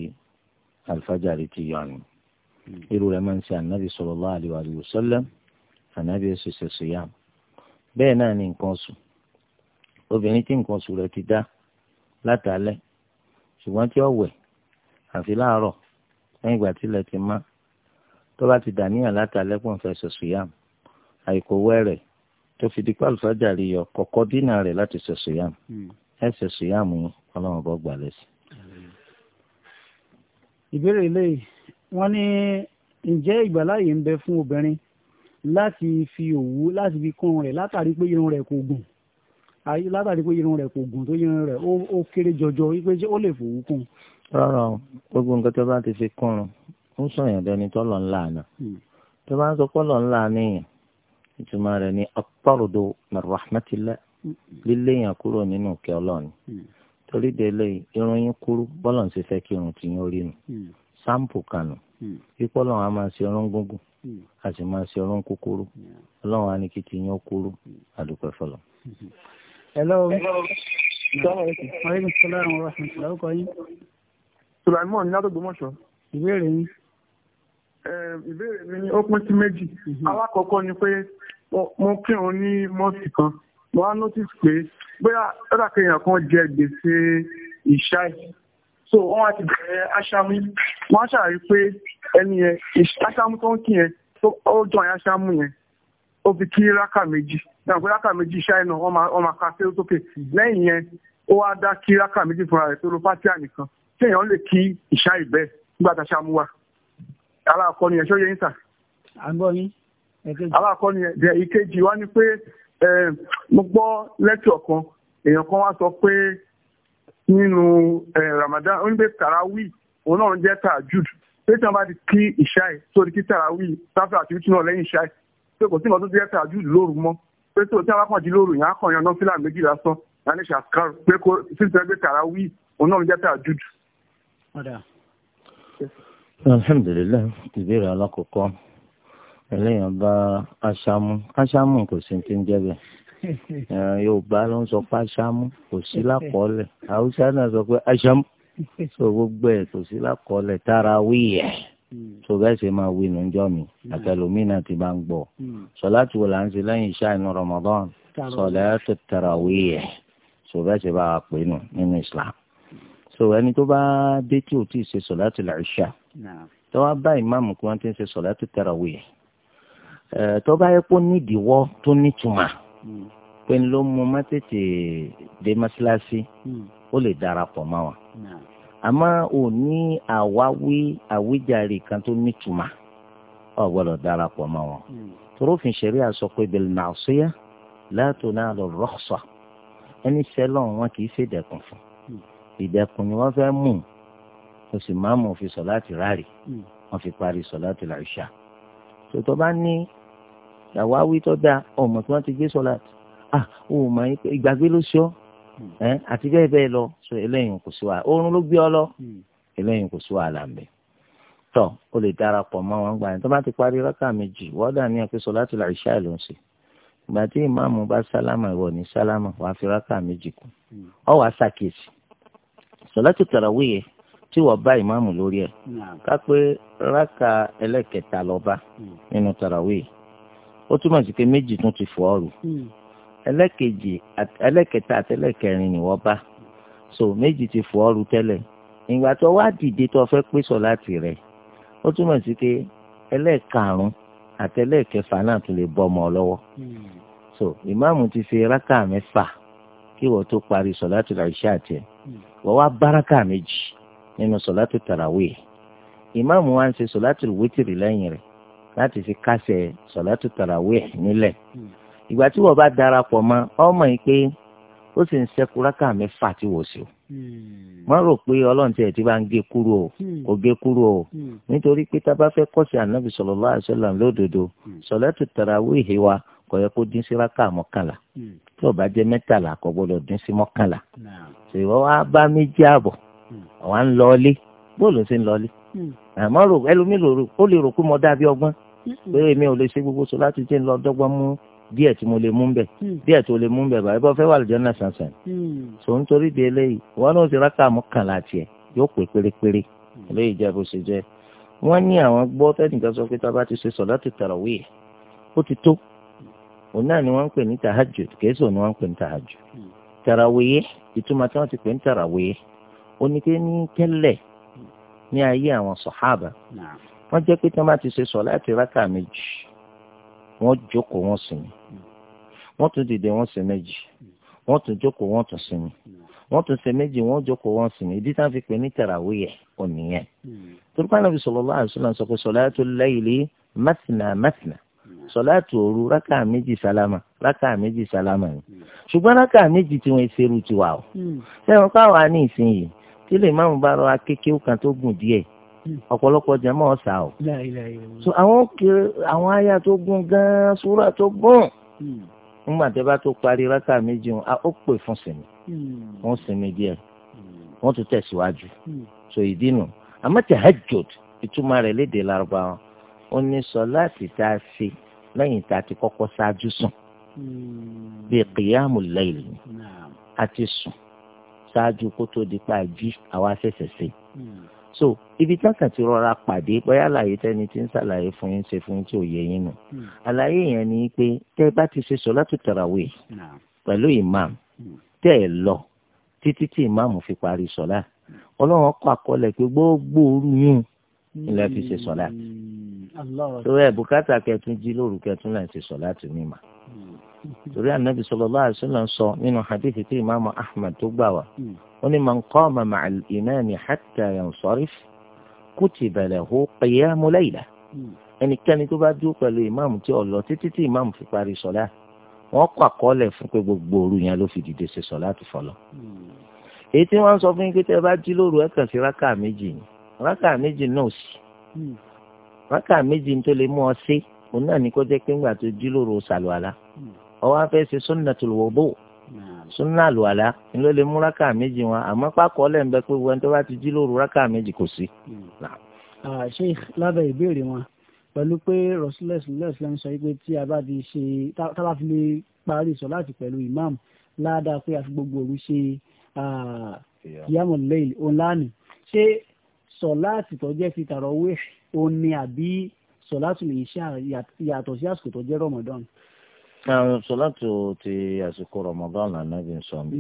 àlùfájà rí ti yọ àná. irú rẹ̀ máa ń ṣe ànábì sallallahu alaihi wa sallam ànábì ṣẹṣẹ̀ sùyàmù. bẹ́ẹ̀ náà ni nǹkan oṣù obìnrin tí nǹkan oṣù rẹ̀ ti dá látàlẹ́ ṣùgbọ́n tí ó wẹ̀ àfi láàárọ̀ lẹ́yìn ìgbà tí ilẹ̀ ti má tó bá ti dàníyàn látàlẹ́ pọ̀ ń fẹsẹ̀ sùyàmù àìkówẹ́rẹ̀ tó fi di pàlùfájà rí yọ kọ̀kọ́ dínà rẹ̀ láti ṣe sùyàmù hmm. ẹ ṣe sùyàmù ọlọ́run bọ́ gbà lẹ́sìn. ìbéèrè eléyìí wọ́n ní ǹjẹ́ ìgbàláyè ń bẹ fún obìnrin láti fi òwú láti fi kún rẹ̀ látàrí pé irun rẹ̀ kò gùn látàrí pé irun rẹ̀ kò gùn tó irun rẹ̀ ó kéré jọjọ wípé ó lè fòwú kún. rárá o gbogbo nǹkan tó bá ti fi kún un ó sọ̀yàn dẹni tọ́lọ̀ ńlá àná hmm. tó bá ń sọ pọ́lọ̀ ńlá ìtumọ̀ rẹ ni ọ̀pọ̀rọ̀dọ̀ mẹ̀rọ̀hámẹ́tìlẹ̀ mm. lílé yàn kúrò nínú ìkẹ́ ọlọ́ọ̀ni mm. torí délé ìròyìn kúrú bọ́lọ̀ ń ṣe fẹ́ kí irun tìyàn orí nù sáǹpù kànù pípọ́ a máa ṣe ọrún mm. a sì máa ṣe kúkúrú ìbéèrè mi ni ó pín sí méjì mhm. alákọ̀ọ́kọ́ ni pé mo kírun ní mọ́ọ̀sì kan mo wá notice pé bóyá lọ́dà kéèyàn kan jẹ gbèsè ìṣáì so wọ́n á ti bẹ̀rẹ̀ aṣáámú wọ́n á ṣàrí pé ẹni yẹn aṣáámú tó ń kí yẹn ó jọ àyà aṣáámú yẹn ó fi kí rákà méjì náà pé rákà méjì ṣáì náà wọ́n máa ka sí sókè mhm. lẹ́yìn yẹn ó wá dá kí rákà méjì fúnra rẹ̀ tó lo pátíà nìkan kéèyàn lè kí ìṣáì bẹ́ẹ̀ nígbà tá wà. aláàkọ́ ni ẹ̀ ṣó yẹ yín sà. àgbọ̀ yín. ni ẹ̀ ìkejì wá ni pé mo gbọ́ lẹ́tọ̀ kan èèyàn kan wá sọ pé nínú Ramadan ó ní pé tarawí òun náà ń jẹ́ tajud pé tí wọ́n bá ti kí ìṣáì sórí kí tarawí sáfẹ́ àti wítí náà lẹ́yìn ìṣáì pé kò sí ìmọ̀ tó jẹ́ tajud lóru mọ́ pé tí òtí àwọn àkànjì lóru alhamdulilah ìbéèrè alákọ̀ọ́kọ́ ẹlẹ́yìn bá aṣámú aṣámú kò sí ti ń jẹ́ bẹ́ẹ̀ yorùbá ló ń sọ pé aṣámú kò sí lákọọ́lẹ̀ haúsá náà sọ pé aṣámú so gbogbo ẹ̀ kò sí lákọọ́lẹ̀ tára wíyẹ̀ tó bẹ́ẹ̀ ṣe máa wí nù jọ mi hmm. àtẹlómi náà ti bá ń gbọ́ hmm. sọláàtì wo là ń ṣe lẹ́yìn iṣẹ́ inú Ramadan sọláàtì tarawih tó bẹ́ẹ̀ ṣe bá a pè nù nínú Islam so ẹni tó bá dé tí ò tí ì ṣe sọláàtì làṣà tó wá bá ìmáàmù kí wọ́n ti ń ṣe sọ̀látù tarawih tó bá yẹ kó nídìíwọ́ tó nítumà hmm. pé ń ló mú má tètè dé mọ́ṣáláṣí hmm. ó lè darapọ̀ mọ́ wọn àmọ́ ò ní àwáwí àwíjàre kan tó nítumà ò gbọ́dọ̀ darapọ̀ mọ́ wọn hmm. torófin ṣẹ̀rí àsọ pé bil ma'siyah la tunalu rukhsah ẹni sẹ́lọ̀ wọn kì í ṣèdẹ̀kùn fún ìdẹ̀kùn ni wọ́n fẹ́ mú un o sì máa mọ̀ fi sọ láti ráàlì hmm. wọ́n fi parí sọ láti làṣà tòtọ́ bá ní ṣàwáwí tó dáa ọmọ tí wọ́n ti gbé sọ láti ah o mọ̀ ìgbàgbé ló ṣọ́ hmm. ẹ àti bẹ́ẹ̀ bẹ́ẹ̀ lọ sọ eléyìí kò sí wa oorun ló gbé ọ lọ hmm. eléyìí kò sí wa là ń bẹ̀ tọ́ o lè darapọ̀ mọ́ wọn gbà yẹn tó bá ti parí rákà méjì wọ́n dà ní ẹ̀pẹ́ sọ làṣà ló ń ṣe ìgbà tí ìmáàmù bá sálámà ìwọ ní sálámà wàá fi rákà méjì kù ọ wàá ṣàkíyèsí sọlátù tàràwíyẹ tí wọ́n bá ìmáàmù lórí ẹ̀ ká pé rákà ẹlẹ́kẹta lọ́ba hmm. nínú tarawih ó túmọ̀ sí pé méjì tún ti fọ́ ọ̀rù hmm. ẹlẹ́kejì ẹlẹ́kẹta àti ẹlẹ́kẹrin ni wọ́n bá so méjì ti fọ́ ọ̀rù tẹ́lẹ̀ ìgbà tó wá dìde tó fẹ́ pé sọ láti rẹ̀ ó túmọ̀ sí pé ẹlẹ́karùn àti ẹlẹ́kẹfà náà tún lè bọ́ ọmọ lọ́wọ́ hmm. so ìmáàmù ti fi rákà mẹ́fà kí wọ́n tó parí sọ láti rà iṣẹ́ àti ẹ̀ wọ́n wá bá rákà méjì nínú sọ̀látù tarawih ìmáàmù wa ń ṣe sọ̀látù wítìrì lẹ́yìn rẹ̀ láti fi kásẹ̀ sọ̀látù tarawih nílẹ̀ ìgbà tí wọ́n bá darapọ̀ mọ́ ọmọ yìí pé ó sì ń ṣẹ́kù rákà mẹ́fà tí wò sí o wọ́n rò pé ọlọ́run tiẹ̀ ti bá ń gé kúrò o kò gé kúrò o nítorí pé tá a bá fẹ́ kọ́sí ànábì sallallahu alaihi wasallam lódodo sọ̀látù tarawih wa kò yẹ kó dín sí rákà mọ́kànlá tí ò bá jẹ́ mẹ́tàlá kò gbọ́dọ̀ dín sí mọ́kànlá ṣèwọ́ wa bá méjì àbọ̀ àwa ń lọlé bóòlù ṣe ń lọlé hmm. àmọ́ rò ẹlòmíì lò rò ó lè rò pé mo dàbí ọgbọ́n hmm. pé èmi ò lè ṣe gbogbo sọ láti jẹ́ ń lọ dọ́gbọ́n mú díẹ̀ tí mo lè mú bẹ̀ hmm. díẹ̀ tó lè mú bẹ̀ báyìí bọ́ fẹ́ wà lójọ́ náà sànsàn so nítorí di eléyìí wọn náà ti rákà mú kàn láti ẹ̀ yóò pè pérépéré eléyìí jẹ́ bó ṣe jẹ́ wọ́n ní àwọn gbọ́ tẹ́nìkan sọ pé tá a bá ti ṣe sọ̀ láti tarawih ó ti tó òun náà ni wọ́n ń pè ní tahajjud kèésì òun ni wọ́n ń pè ní tahajjud tarawih ìtumọ̀ tí wọ́n ti pè ní tarawih oníke ní kẹ́lẹ̀ ní ayé àwọn sọ̀hábà wọ́n jẹ́ pé tí wọ́n bá ti ṣe sọ láti rákà méjì wọ́n jókòó wọ́n sinmi wọ́n tún dìde wọ́n ṣe méjì wọ́n tún jókòó wọ́n tún sinmi wọ́n tún ṣe méjì wọ́n jókòó wọ́n sinmi ìdí táwọn fi pè ní tẹ̀ràwé yẹ ònìyẹn. torí pàṣẹ nàbì sallallahu alaihi wasallam sọ pé salatul layli mathna mathna sọláàtù òru rákà méjì sálámà rákà méjì sálámà ni ṣùgbọ́n rákà méjì tí wọ́n tiwa o. sẹ́wọ̀n hmm. káwa ní ìsinyìí tí lè máa ń bá rọ akéké kan tó gùn díẹ̀ hmm. ọ̀pọ̀lọpọ̀ jẹ́mọ́ ọ̀sà o. so àwọn kiri àwọn àyà tó gùn gan-an súrà tó gùn. Hmm. nígbà tí bá tó parí rákà méjì wọn ó pè fún sinmi hmm. wọn sinmi díẹ̀ wọn tún tẹ̀síwájú. so ìdí nu àmọ́ tahajjud ìtumọ̀ rẹ̀ léde lárúbáwá ó ní sọ láti tá a ṣe lẹ́yìn tá a ti kọ́kọ́ ṣáájú sùn bíi qiyamul layl àti sùn ṣáájú kó tó di pa jí àwa ṣẹ̀ṣẹ̀ ṣe. Hmm. so ibi táǹkà ti rọra pàdé bóyá àlàyé tẹ́ni tí ń ṣàlàyé fún yín ṣe fún yín tí ò yẹ yín nù. Hmm. àlàyé yẹn ni pé tẹ́ ẹ bá ti ṣe sọ̀látù tarawih pẹ̀lú imam hmm. tẹ́ ẹ lọ títí tí imam fi parí sọ̀lá ọlọ́run kọ́ àkọọ́lẹ̀ pé gbogbo òru yún ilẹ̀ fi ṣe sọ̀lá. tó ẹ̀ bùkátà kẹtùn jí lóru kẹtùn láì ṣe sọ̀lá tì mí mà. torí ànábì sallallahu alaihi sọ nínú hadithi tí ìmáàmù ahmed tó gbà wá hmm. ó ní man qama ma'al imami hatta yansarif kutiba lahu qiyamu layla hmm. ẹnikẹ́ni tó bá dúró pẹ̀lú tí ó lọ títí tí fi parí sọlá kọ àkọọ́lẹ̀ fún pé gbogbo yẹn ló fi dìde sọlá ti fọlọ. Hmm. èyí tí wọ́n sọ fún yín pé bá jí lóru ẹ sí rákà méjì ni rákà méjì náà méjì ọ sí ọwọ́ afẹ́ ṣe sunnatul wudu sunna àlùwàlá ni ló lè mú rákà méjì wọn àmọ́ pákó ọlẹ́nbẹ́ pé wọn tó bá ti jí lóru rákà méjì kò sí. ṣé hmm. lábẹ́ ìbéèrè wọn pẹ̀lú pé rọ́sílẹ̀ sílẹ̀ ń sọ pé tí a bá fi ṣe tá fi lè parí sọ láti pẹ̀lú imam ládàá pé a fi gbogbo òru ṣe qiyamul layl ọ̀làní ṣé sọ láti tọ́jẹ́ ti tàrọ̀ wé òun àbí sọ lè ṣe yàtọ̀ sí àsìkò tọ́jẹ́ Ramadan àwọn sọlátù ti àsìkò Ramadan lànàbí ń sọ mi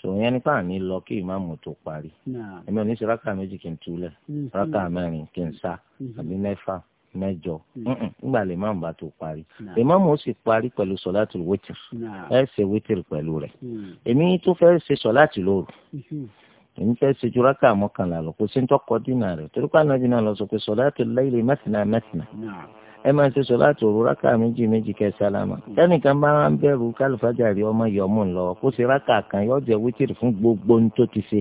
so yẹn nípa àní lọ kí ìmáàmù tó parí èmi ò ní ṣe rákà méjì kí n túlẹ̀ mm-hmm. rákà mẹ́rin kí n sá mm-hmm. àbí mẹ́fà mẹ́jọ mm-hmm. nígbà lè máàmù bá tó parí ìmáàmù ó sì parí pẹ̀lú sọlátù wítìr ẹ ṣe wítìr pẹ̀lú rẹ̀ mm. èmi tó fẹ́ ṣe sọlátù lóru èmi fẹ́ ṣe ju rákà mọ́kànlá lọ kò sí ń tọkọ dínà rẹ̀ torí pé ẹ máa ṣe sọ láti òru rákà méjì méjì kẹ́ sálámà tẹnìkan bá ń bẹ̀rù kálífàjà rí ọmọ yọmú lọ kó ṣe rákà kan yóò jẹ wítìrì fún gbogbo ohun tó ti ṣe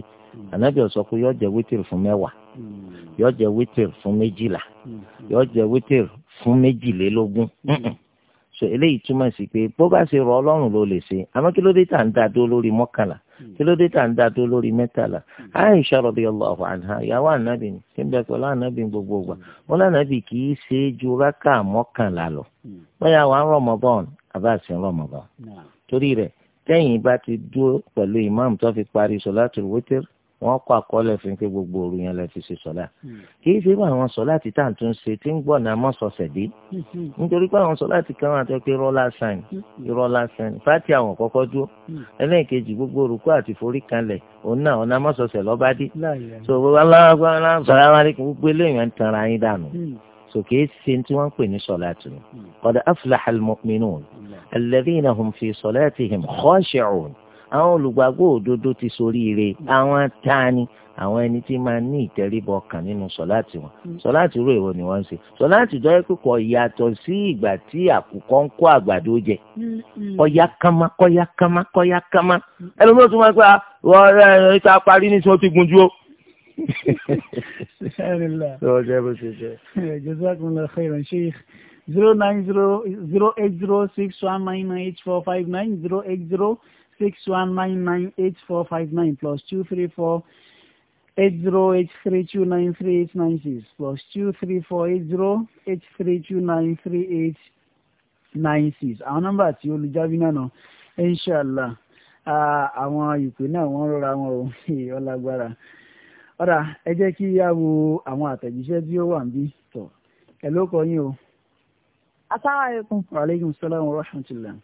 ànábì sọ pé yóò jẹ wítìrì fún mẹ́wàá yóò jẹ wítìrì fún méjìlá yóò jẹ wítìrì fún méjìlélógún so eléyìí túmọ̀ sí pé bó bá ṣe rọ ọlọ́run ló lè ṣe àmọ́ kí ló dé tà ń dá dó lórí mọ́kànlá Hmm. kí ló dé tà ń dá tó lórí mẹ́tàlá hmm. Aisha radiyallahu anha ìyàwó ànábì ni tí ń bẹ pẹ̀lú ànábì gbogbo ìgbà hmm. wọn lànàbì kì í ṣe é ju rákà mọ́kànlá lọ bóyá wà ń Ramadan àbá sí Ramadan torí rẹ̀ tẹ́yìn bá ti dúró pẹ̀lú ìmáàmù tó fi parí solatul witr wọ́n kọ́ àkọọ́lẹ̀ fún pé gbogbo òru yẹn lẹ fi ṣe sọ́lá hmm. kì í ṣe pé àwọn sọ́lá ti tà tún ṣe tí ń gbọ́ náà mọ́ sọ̀sẹ̀ dé hmm. nítorí pé àwọn sọ́lá ti kàn wọ́n àti pé rọ́lá sàn hmm. rọ́lá sàn fáti àwọn kọ́kọ́ dúró ẹlẹ́ẹ̀kejì gbogbo òrùkú àti forí kanlẹ̀ òun náà ọ̀nà mọ́ sọ̀sẹ̀ lọ́ba dé so aláwọ̀ sòkè ṣe tí wọ́n ń pè ní sọ̀láàtì ni qad aflaha al-mu'minun alladhina hum fi salatihim khashi'un àwọn olùgbàgbọ́ òdodo ti soríire àwọn tani àwọn ẹni tí máa ní ìtẹríbọ kan nínú sọláàtì wọn hmm. sọláàtì rò èwo ni wọ́n ń ṣe sọláàtì tó yẹ yàtọ̀ sí ìgbà tí àkùkọ ń kó àgbàdo jẹ hmm. kọyá kánmá kọyá kánmá kọyá kánmá hmm. ẹlòmíràn tó máa ń pẹ́ ah, wọ́n ẹ̀ ẹ̀ ta parí ní tí wọ́n ti gun dúró. jazakumullahu zero nine zero zero eight zero six one nine nine eight four five nine zero eight zero six one nine nine eight four five nine plus two three four eight zero eight three two nine three eight nine six plus two three four eight zero eight three two nine three eight nine six àwọn nọ́mbà tí olùjábí náà nà inshàlá àwọn ìpè náà wọ́n rọra wọn ò ọlágbára ọ̀rà ẹ jẹ́ kí a wo àwọn àtẹ̀jíṣẹ́ tí ó wà ń bí tọ̀ ẹ̀ ló kọ yín o. asalaamualeykum. waaleykum salaam wa rahmatulah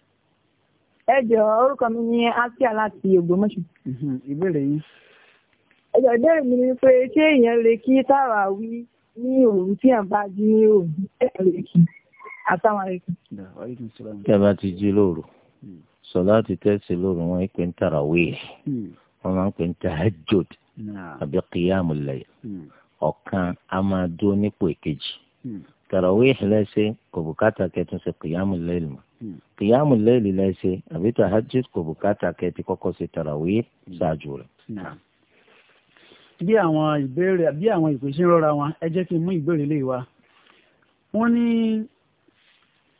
ẹ jọ orúkọ mi ní asia láti Ògbómọ̀ṣọ́. Mhm, ìbéèrè yín. ẹ jọ ìbéèrè mi ni pé ṣé èèyàn lè kí tàràwí ní òru tí èèyàn bá jí ní òru èèyàn lè kí àtàwárẹkì. a bá ti jí lóru hmm. sọlá ti tẹ̀sí lóru wọn ń pè ń tàràwí wọn máa ń pè ń tahajjud àbí qiyamul layl hmm. ọ̀kan a máa dúró nípò èkejì hmm tàràwíìsì lẹ́sẹ̀ kò bùkátà kẹtùn ṣe kìyàmù lẹ́lì mọ́ kìyàmù lẹ́lì lẹ́sẹ̀ àbí tahajjud kò bùkátà kẹtì kọ́kọ́ ṣe tàràwíì ṣáájú rẹ̀. bí àwọn ìbéèrè bí àwọn ìpèsè rọra wọn ẹ jẹ́ kí n mú ìbéèrè lè wa wọ́n ní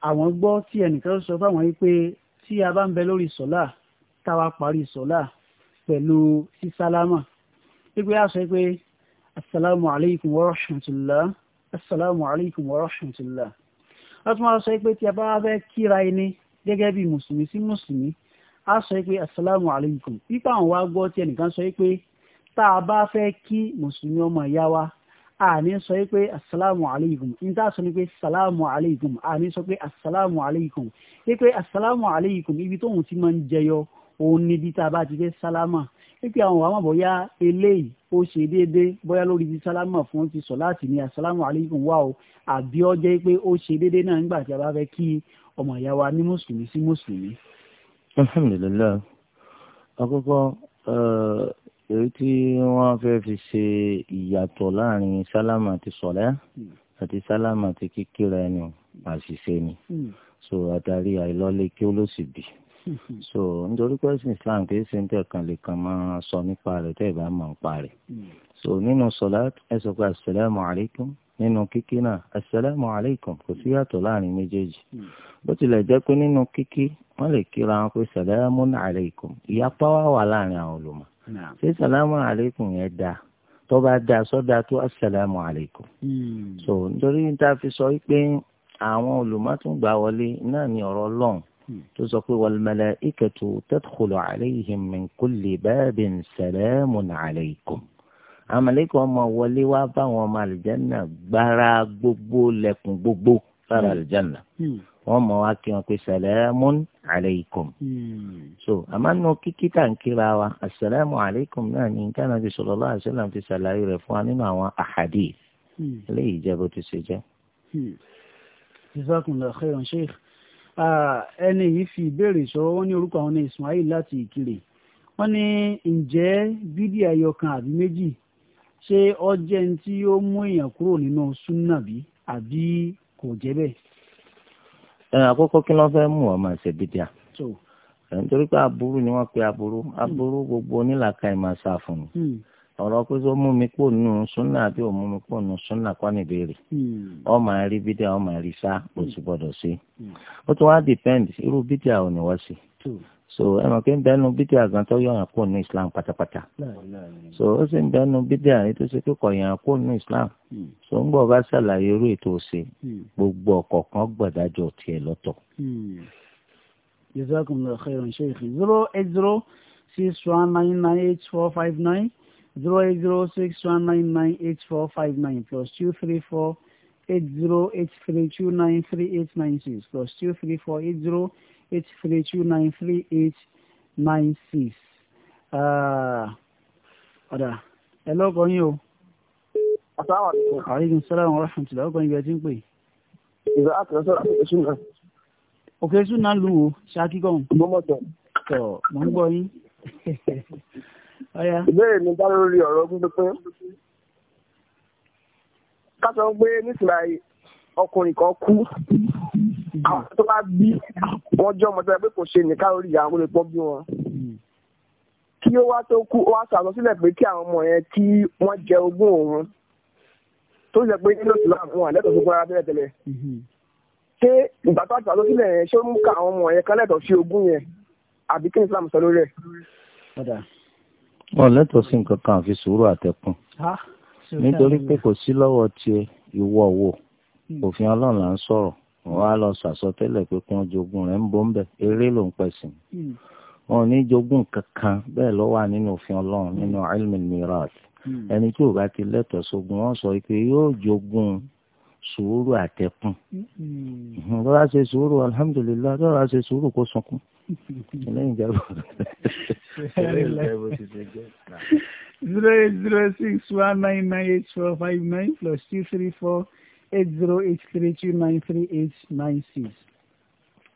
àwọn gbọ́ tí ẹnìkan sọ fáwọn yìí pé tí a bá ń bẹ lórí sọ́lá táwa parí sọ́lá pẹ̀lú sísálámà wípé a pé asalaamualeykum wa rahmatulah asalaamu alaykum wa rahmatulah wọ́n tún máa sọ pé tí a bá fẹ́ kíra ẹni gẹ́gẹ́ bí mùsùlùmí sí mùsùlùmí á sọ pé asalaamu alaykum pípa àwọn wa gbọ́ tí ẹnìkan sọ pé tá a bá fẹ́ kí mùsùlùmí ọmọ ìyá wa àní sọ pé asalaamu alaykum níta sọ ni pé salaamu alaykum àní sọ pé asalaamu alaykum pé asalaamu alaykum ibi tóun ti máa ń jẹyọ òun níbi tá a bá ti fẹ́ sálámà pípẹ́ àwọn wàhámà bóyá eléyìí ó ṣe déédéé bóyá lórí ti sálámà fún ti sọ láti ní asálàmù alaykum wa o àbí ó jẹ́ pé ó ṣe déédéé náà nígbà tí a bá fẹ́ kí ọmọ ìyá wa ní mùsùlùmí sí mùsùlùmí. alhamdulilayi àkọ́kọ́ eh, èyí tí wọ́n fẹ́ fi ṣe ìyàtọ̀ láàrin sálámà ti sọ̀lẹ́ àti sálámà ti kíkíra ẹni àṣìṣe ni hmm. Hmm. so àtàrí àìlọ́lé kí ó ló sì bì so nítorí pé ẹ̀sìn Islam kì í ṣe ní tẹ̀kan lè kàn máa sọ nípa rẹ̀ tẹ́ ẹ̀ bá mọ̀ nípa rẹ̀ so nínú sọlá ẹ sọ pé asalaamu alaykum nínú kíkí náà asalaamu alaykum kò sí yàtọ̀ láàrin méjèèjì bó tilẹ̀ jẹ́ pé nínú kíkí wọ́n lè kíra wọn pé salaamu alaykum ìyapa wà wà láàrin àwọn olùmọ̀ ṣé salaamu alaykum yẹn dáa tó bá dáa sọ́dà tó asalaamu alaykum hmm. so nítorí níta fi sọ wípé àwọn olùmọ̀ tún gbà wọlé náà ní ọ̀rọ̀ ọlọ́run tó sọ pé wal malaikatu tadkhulu alayhim min kulli babin salamun alaykum àwọn màláíkà ọmọ wọlé wá báwọn ọmọ àlùjáná gbára gbogbo lẹ̀kùn gbogbo lára àlùjáná wọn mọ wá kí wọn pé salamun aleikum. so àmọ́ nù kíkí tá n kíra wa asalaamu aleikum náà ní nǹkan náà ti sọ̀rọ̀ lọ́wọ́ àṣẹlẹ̀ ti ṣàlàyé rẹ̀ fún wa nínú àwọn àhàdì eléyìí jẹ́ bó ti ṣe jẹ́. jazakumullahu khairan sheikh ẹni yìí fi ìbéèrè sọ̀rọ̀ wọ́n ní orúkọ àwọn ní Ismail láti Ìkirè wọ́n ní ǹjẹ́ bídí ẹyọkan àbí méjì ṣé ó jẹ́ ní tí ó mú èèyàn kúrò nínú súnà bí àbí kò jẹ́ bẹ́ẹ̀. àkọ́kọ́ kí ló fẹ́ mú ọ máa ṣe bídíà nítorí pé aburú ni wọ́n pe aburú aburú gbogbo onílàkà ìmọ̀ ṣàfùnù ọ̀rọ̀ pé ó mú mi pò nù súnà àbí ò mú mi pò nù súnà kọ́ ni béèrè ọ hmm. máa rí bídíà ọ máa rí sá o sì hmm. gbọdọ̀ sí hmm. ó tún wá depend irú bídíà ò ní wọ́n sí so ẹ mọ̀ pé ń bẹ́nu bídíà gan tó yọ̀ yàn kó nu Islam pátápátá so ó sì ń bẹ́nu bídíà yìí tó ṣe yàn kó nu Islam so ń gbọ́ bá ṣàlàyé irú ètò òsè gbogbo ọ̀kọ̀ọ̀kan gbọ̀dájọ́ tiẹ̀ lọ́tọ̀. Jazakumullahu khairan zero eight zero six one nine nine eight four five nine zero eight zero six one nine nine eight four five nine plus two three four eight zero eight three two nine three eight nine six plus two three four eight zero eight three two nine three eight nine six. Ah, ọ̀dà ẹ lọ́kọ̀ yín o. asalaamualeykum. aleykum salaam wa rahmatulah ọkọ ibi ẹ ti ń pè. ìgbà àkàrà sọ̀rọ̀ àti èsù náà. òkè èsù náà lù ṣáà kíkọ́. mo mọ̀ tọ̀. tọ̀ mo ń gbọ́ yín. Oh, ìbéèrè mi dá lórí ọ̀rọ̀ ogún pínpín ká sọ pé nísìnyí ọkùnrin kan kú àwọn tó bá bí wọn jọ ọmọ tó yẹ pé kò ṣe nìkan lórí ìyá wọn lè pọ bí wọn kí ó wá tó kú ó wá sọ àsọsílẹ̀ pé kí àwọn ọmọ yẹn kí wọ́n jẹ ogún òun tó jẹ pé nínú ìlú àwọn àlẹ́tọ̀ tó gbára bẹ́ẹ̀ tẹ́lẹ̀ ṣé ìgbà tó àti àsọsílẹ̀ yẹn ṣé ó mú ká àwọn ọmọ yẹn kan lẹ́tọ̀ sí ogún yẹn àbí kí ni wọn lẹ́tọ̀ọ́ sí nǹkan kan àfi sùúrù àtẹkùn nítorí pé kò sí lọ́wọ́ tiẹ̀ ìwọ wò hmm. òfin Ọlọ́run là ń sọ̀rọ̀ wọn á lọ sàsọtẹ́lẹ̀ pé kí wọn jogún rẹ̀ ń bọ ń bẹ eré ló ń pẹ̀sìn hmm. wọn ò ní jogún kankan bẹ́ẹ̀ ló wà nínú òfin Ọlọ́run nínú ilmi mirat hmm. ẹni tí ò bá ti lẹ́tọ̀ọ́ sógun wọn sọ pé yóò jogún sùúrù àtẹkùn tó mm-hmm. bá ṣe sùúrù alhamdulilayi tó bá ṣe sùúrù kó sunkún lẹ́yìn ìjábọ̀. zero eight zero six one nine nine eight four five nine plus two three four eight zero eight three two nine three eight nine six.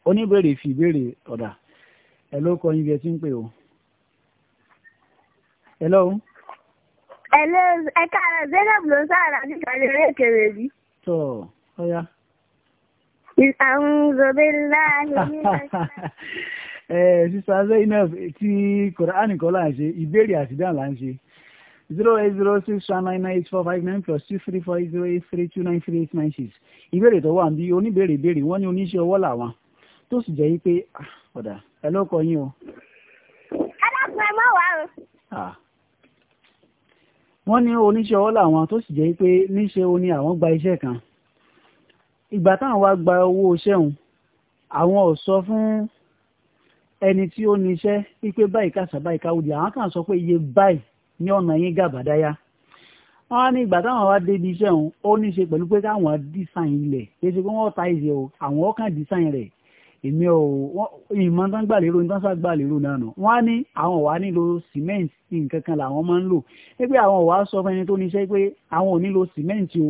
oníbèrè fi ìbéèrè ọ̀dà ẹ̀ ló kọ́ yín bí ẹ ti ń pè o. hello. hello ẹ̀ka Zainab ló ń sára nípa ìrẹ́kẹ̀rẹ̀ yìí tó ọ̀yá. A'udhu billahi minash sísá Zainab tí Kùránì kọ́ là ń ṣe ìbéèrè àtìdáhùn là ń ṣe zero eight zero six one nine eight four five nine plus two three four zero eight three two nine three eight nine six ìbéèrè tó wà níbi oníbèrè ìbéèrè wọ́n ní oníṣẹ́ ọwọ́ làwọn tó sì jẹ́ pé ah, ọ̀dà ẹ ló kọ yín o. alákùnrin mọ́ wàá o. Ah wọ́n ní oníṣẹ́ ọwọ́ làwọn tó sì jẹ́ pé níṣe o ní àwọn gba iṣẹ́ kan ìgbà táwọn wá gba owó iṣẹ́ òun àwọn ò sọ fún ẹni tí ó ní iṣẹ́ báyìí kàṣà báyìí káwùdì àwọn kan sọ pé iye báyìí ní ọ̀nà yín gàbàdáyà wọ́n á ní ìgbà táwọn wá débi iṣẹ́ òun ó ní ṣe pẹ̀lú pé káwọn dísáìn ilẹ̀ kí pé wọ́n ta ìṣe o àwọn ọkàn dísáìn rẹ̀ èmi ò ìmọ̀ tán gbà lérò tán sá gbà lérò náà nù wọ́n á ní àwọn ò wá nílò cement nǹkan kan làwọn máa ń lò é pé àwọn ò wá sọ fún ẹni tó níṣẹ́ pé àwọn ò nílò cement o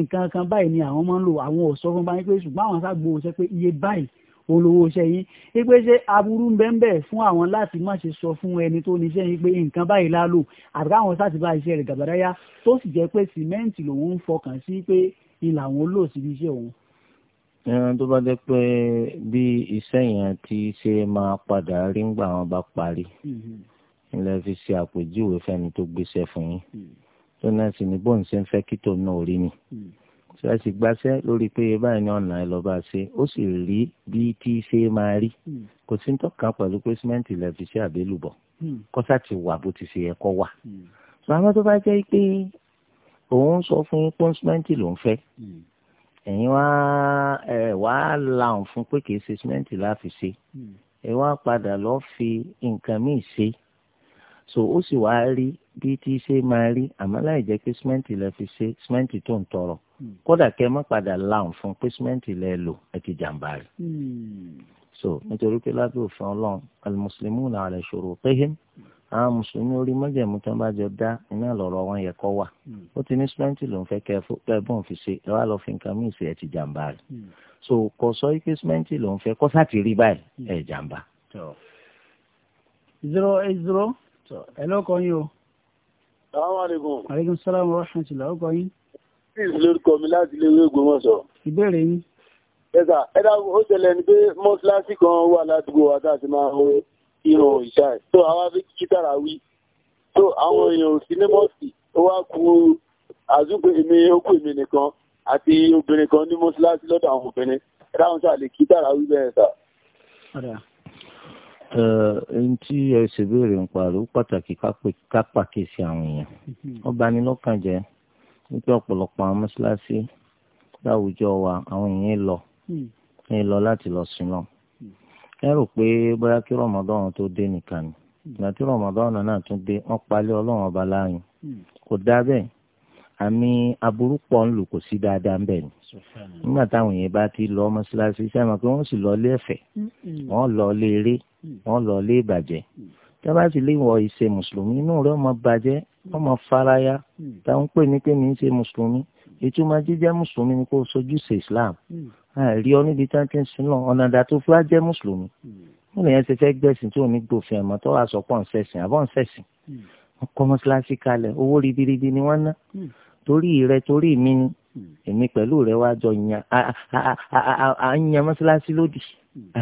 nǹkan kan báyìí ni àwọn máa ń lò àwọn ò sọ fún báyìí pé ṣùgbọ́n àwọn sá gbowó ṣe pé iye báyìí olówó iṣẹ́ yín é pé ṣé aburú ń bẹ́ẹ̀ bẹ́ẹ̀ fún àwọn láti má ṣe sọ fún ẹni tó níṣẹ́ yín pé nǹkan báyìí lálò àbúrò àwọn sáà ti bá iṣẹ́ rẹ̀ gàbàdáyà tó sì jẹ́ pé cement lòun ń fọkàn sí pé ìlà òun lò síbi iṣẹ́ òun ẹran tó bá jẹ́ pé bí ìsẹ̀yìn àti ṣe máa padà rí ńgbà wọn bá parí mm-hmm. ilẹ̀ fi ṣe àpèjúwe fẹ́ni tó gbéṣẹ́ fún yín mm-hmm. tó náà sì ní bóun ṣe ń fẹ́ kí tòun náà rí ni tí mm-hmm. a sì gbaṣẹ́ lórí pé báyìí ní ọ̀nà ìlọ́ba ṣe ó sì rí bí tí ṣe máa rí mm. kò sí ń tọ́ka pẹ̀lú pé símẹ́ǹtì ilẹ̀ fi ṣe àbélùbọ̀ mm. kọ́sà ti wà bó ti ṣe ẹ̀kọ́ wà. sọ mm. àwọn tó bá jẹ́ pé òun sọ fún pọ́ńsímẹ́ǹtì lòún fẹ́ ẹ̀yin wá ẹ̀ wá làwọn fún pé kìí ṣe símẹ́ǹtì láfi ṣe hmm. ẹ wá padà lọ fi nǹkan míì ṣe so ó sì wá rí bí tí ṣe máa rí àmọ́ láì jẹ́ pé símẹ́ǹtì lẹ fi ṣe símẹ́ǹtì tó ń tọrọ hmm. kódà kẹ́ ẹ má padà làwọn fún pé símẹ́ǹtì lẹ lò ẹ ti jàǹbá rẹ̀ hmm. so nítorí pé lábẹ́ òfin ọlọ́run alimuslimu náà rẹ̀ ṣòro péhìm àwọn mùsùlùmí orí mọ́jẹ̀mú tó ń bá jọ dá iná lọ́rọ̀ wọn yẹ kọ́ wà hmm. ó ti ní sìmẹ́ǹtì ló ń fẹ́ kẹ́ ẹ̀bùn fi ṣe ẹ wá lọ fi nǹkan míì ṣe ẹ̀ ti jàǹbá rẹ̀ hmm. so kò sọ pé sìmẹ́ǹtì ló ń fẹ́ kọ́ sá ti rí báyìí hmm. ẹ̀ jàǹbá. zero eight zero ẹ lọ́kọ̀ yín o. salaamaleykum. aleykum salaam wa rahmatulah ọkọ̀ yín. please lórúkọ mi láti ilé ìwé Ògbómọ̀ṣọ́. ìbéèrè yín. ẹ ìrùn ìṣà tó àwọn afẹ́kí kítàrà wí tó àwọn èèyàn sí ní mọ́sí ó wá kú àzúgbò èmi ókú èmi nìkan àti obìnrin kan ní mọ́síláṣí lọ́dọ̀ àwọn obìnrin ráhùn sáà lè kítàrà wí bẹ́ẹ̀ sà. ẹni tí ẹ ṣèbéèrè ń pàrọ̀ pàtàkì kápàkèsì àwọn èèyàn ó mm-hmm. bani lọ́kàn jẹ́ wípé ọ̀pọ̀lọpọ̀ àwọn mọ́síláṣí láwùjọ wa àwọn èèyàn lọ èèyàn mm. lọ láti lọ sìn náà ẹ rò pé bóyá kí rọmọdọ́n tó dé nìkan ni ìgbà tí rọmọdọ́n náà tún dé wọ́n palẹ̀ ọlọ́run ọba láàyè hmm. kò dá bẹ́ẹ̀ àmì aburú pọ̀ ń lò kò sí dáadáa ń bẹ̀ ni nígbà táwọn èèyàn bá ti lọ mọ́ṣáláṣí sẹ́wọ̀n pé wọ́n sì lọ lé ẹ̀fẹ̀ hmm. wọ́n lọ lé eré hmm. wọ́n lọ lé ìbàjẹ́ tábà sì lè wọ ìṣe mùsùlùmí inú rẹ̀ ọmọ bàjẹ́ ọmọ faraya táwọn pè ní pé mi ń ṣe mùsùlùmí ìtumọ̀ jíjẹ́ mùsùlùmí ni kò sojú ṣe Islam àìrí ọ níbi tí wọ́n ti ń sin náà ọ̀nà ìdá tó fi wá jẹ́ mùsùlùmí hmm. wọn lè yẹn ti fẹ́ gbẹ̀sìn tí ò ní gbòfin ẹ̀mọ́ tó wàá sọ pọ̀ ń sẹ̀sìn àbọ̀ ń sẹ̀sìn hmm. wọn kọ́ mọ́ṣáláṣí kalẹ̀ owó ribiribi ni wọ́n ná hmm. torí rẹ torí mi ni èmi pẹ̀lú rẹ wá jọ yan à ń yan mọ́ṣáláṣí lódì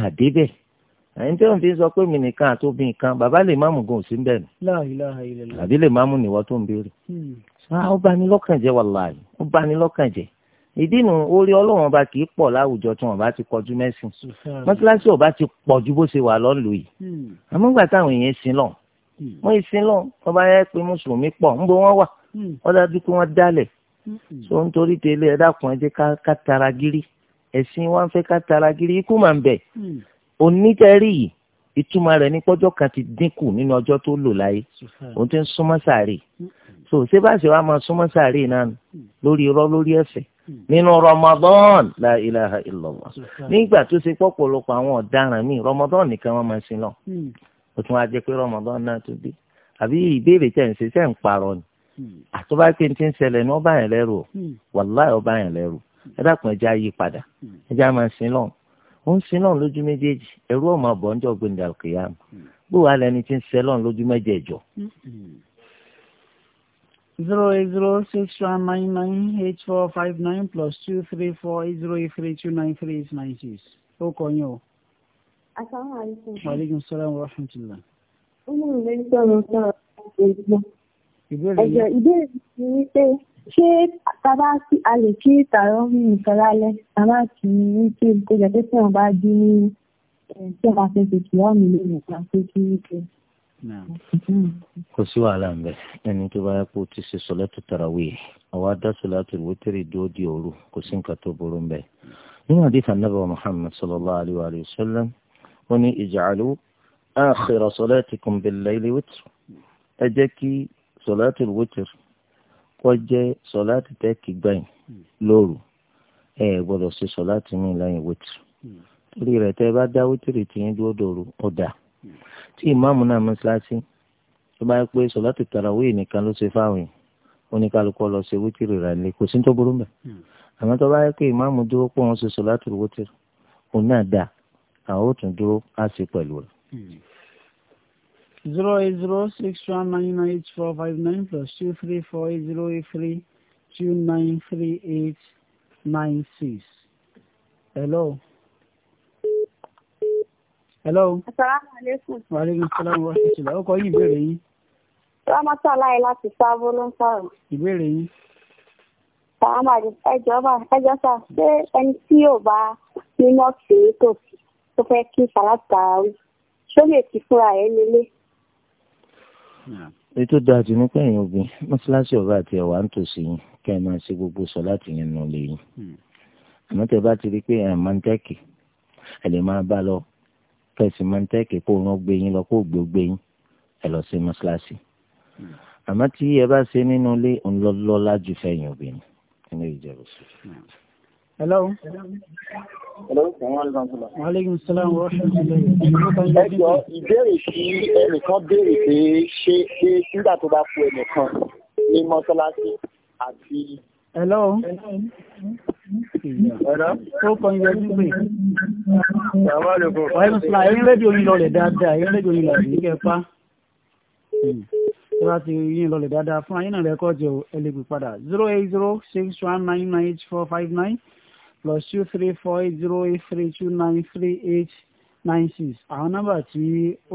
àdébẹ̀ ẹni tí wọn fi sọ pé mi nìkan àtòbí nìkan bàbá lè máàmù gan òsín bẹ́ẹ̀ ni àbí lè máàmù nìwọ tó ń béèrè ó bani lọ́kàn jẹ́ wàláhì ó bani lọ́kàn jẹ́ ìdí nu orí ọlọ́run ọba kì í pọ̀ láwùjọ tí wọn bá ti kọjú mẹ́sìn mọ́tíláṣí ọba ti pọ̀ ju bó ṣe wà lọ́lù yìí hmm. àmọ́ nígbà táwọn èèyàn sin lọ hmm. wọ́n yìí sin lọ wọ́n bá yẹ pé mùsùlùmí pọ̀ ń bọ wà wọ́n hmm. dájú pé wọ́n dálẹ̀ so nítorí tẹ́lẹ̀ ẹ dákun ẹ jẹ́ ká tara gírí ẹ̀sìn wa ń fẹ́ ká tara gírí ikú máa ń bẹ̀ onítẹ̀rí yìí ìtumọ̀ rẹ̀ ní pọ́jọ́ kan ti dínkù nínú ọjọ́ tó lò láyé òun ti ń súnmọ́ sàárè so ṣé bá ṣe wàá máa súnmọ́ sàárè náà lórí irọ́ lórí ẹ̀fẹ̀ nínú Ramadan la ilaha illallah nígbà tó ṣe pọ̀pọ̀lọpọ̀ àwọn rọmọdọn míì Ramadan nìkan wọ́n máa ń sin lọ hmm. ó tún wá jẹ́ pé Ramadan náà tó dé àbí ìbéèrè tẹ̀ ń ṣe ni hmm. àtúbá pé n ti ń ṣẹlẹ̀ ní ọba yẹn lẹ́rù o wàláì ọba yẹn lẹ́rù hmm. padà ẹja máa sin lọ sin lọ lójú méjèèjì ẹrú ọmọ zero zero six one nine nine eight four five nine plus two three four eight zero eight three two nine three eight nine six ó kọ yín o. asalaamualeykum. maaleykum salaam wa rahmatulah. ọmọ mi ń sọ̀rọ̀ sọ̀rọ̀ ìgbà. ìbéèrè yìí. ẹ̀jẹ̀ ìbéèrè mi ni pé ṣé tábà sí a lè kí tààrọ́ mi nìkan lálẹ́ tábà kì í kí kó jẹ́ pé tí wọ́n bá dín ní tí wọ́n bá fẹ́ fi kí wọ́n mi lè nìkan pé kí wọ́n kí kò sí wàhálà ń bẹ ẹni tó bá yẹ kó ti ṣe sọlẹ́tù tarawih àwa dá sọlẹ́tù wítìrì dúró di òru kò sí nǹkan tó burú ń bẹ. nínú àdìsá nàbà muhammad sallallahu alayhi wa sallam ó ní ij'alu akhira salatikum bil-layli wítìrì ẹ jẹ́ kí sọlẹ́tù wítìrì kó jẹ́ sọlẹ́tù tẹ́ kí gbẹ̀yìn lóru ẹ gbọ́dọ̀ ṣe sọlẹ́tù mi lẹ́yìn wítìrì hmm. torí rẹ̀ tẹ́ bá dá wítìrì tì tí ìmáàmù náà mọ́ṣáláṣí tó bá yẹ pé sọ̀láàtì tàràwíì nìkan ló ṣe fáwọn yìí oníkálukú lọ ṣe wítìrì rẹ̀ lé kò sí tó burú mẹ́. Hmm. àmọ́ tó bá yẹ pé ìmáàmù dúró pé wọ́n ṣe sọ̀láàtì wítìrì òun náà dà àwọn ò tún dúró á sí pẹ̀lú rẹ̀. Hmm. zero eight zero six one nine nine eight four five nine plus two three four eight zero eight three two nine three eight nine six. hello hello. asalaamualeykum. waaleykum salaam wa rahmatulah ọkọ yìí ìbéèrè yín. rámọ́tà láì láti sábó ló ń sọ̀rọ̀. ìbéèrè yín. sàmà ẹjọ́ bá ẹjọ́ sà ṣé ẹni tí yóò bá nínú ọ̀sẹ̀ tó tó fẹ́ kí sàlátì tààrí ṣó lè ti fúnra ẹ̀ lélẹ̀. ètò dáa jù nípa ẹ̀yìn obìn mọ́ṣáláṣí ọ̀gá àti ẹ̀wà ń tòsí yín kẹ́ ẹ máa ṣe gbogbo sọ láti yẹn nù lè àmọ́ tẹ bá ti rí pé ẹ̀ máa ń tẹ́kì ẹ̀ lè máa bá lọ kẹsì máa ń tẹ́kẹ̀ kó rán gbé yín lọ kó gbó gbé yín ẹ lọ sí mọ́ṣáláṣí. àmọ́ tí ẹ bá ṣe nínú ilé ńlọ́lọ́lá jù fẹ̀yìn obìnrin nínú ìjẹ̀bù sí. hello. hello salaam aleykum salaam wa rahmatulahi. ẹ jọ ìbéèrè sí ẹnìkan béèrè pé ṣé ṣé nígbà tó bá ku ẹnìkan ní mọ́ṣáláṣí àti. hello. hello. hello? Ẹ̀dá tó kọ ìyẹn tí pé. Bàbá rẹ̀ kò. Ọ̀hún ṣùlá ẹ̀yìn rédíò yín lọlẹ̀ dáadáa, ẹ̀yìn rédíò yín lọlẹ̀ ní kẹfà. Tó bá ti yín lọlẹ̀ dáadáa fún ayé náà rẹ́kọ̀dì ò ẹlẹ́gbẹ̀ padà. zero eight zero six one nine nine eight four five nine plus two three four eight zero eight three two nine three eight nine six. Àwọn nọ́mbà tí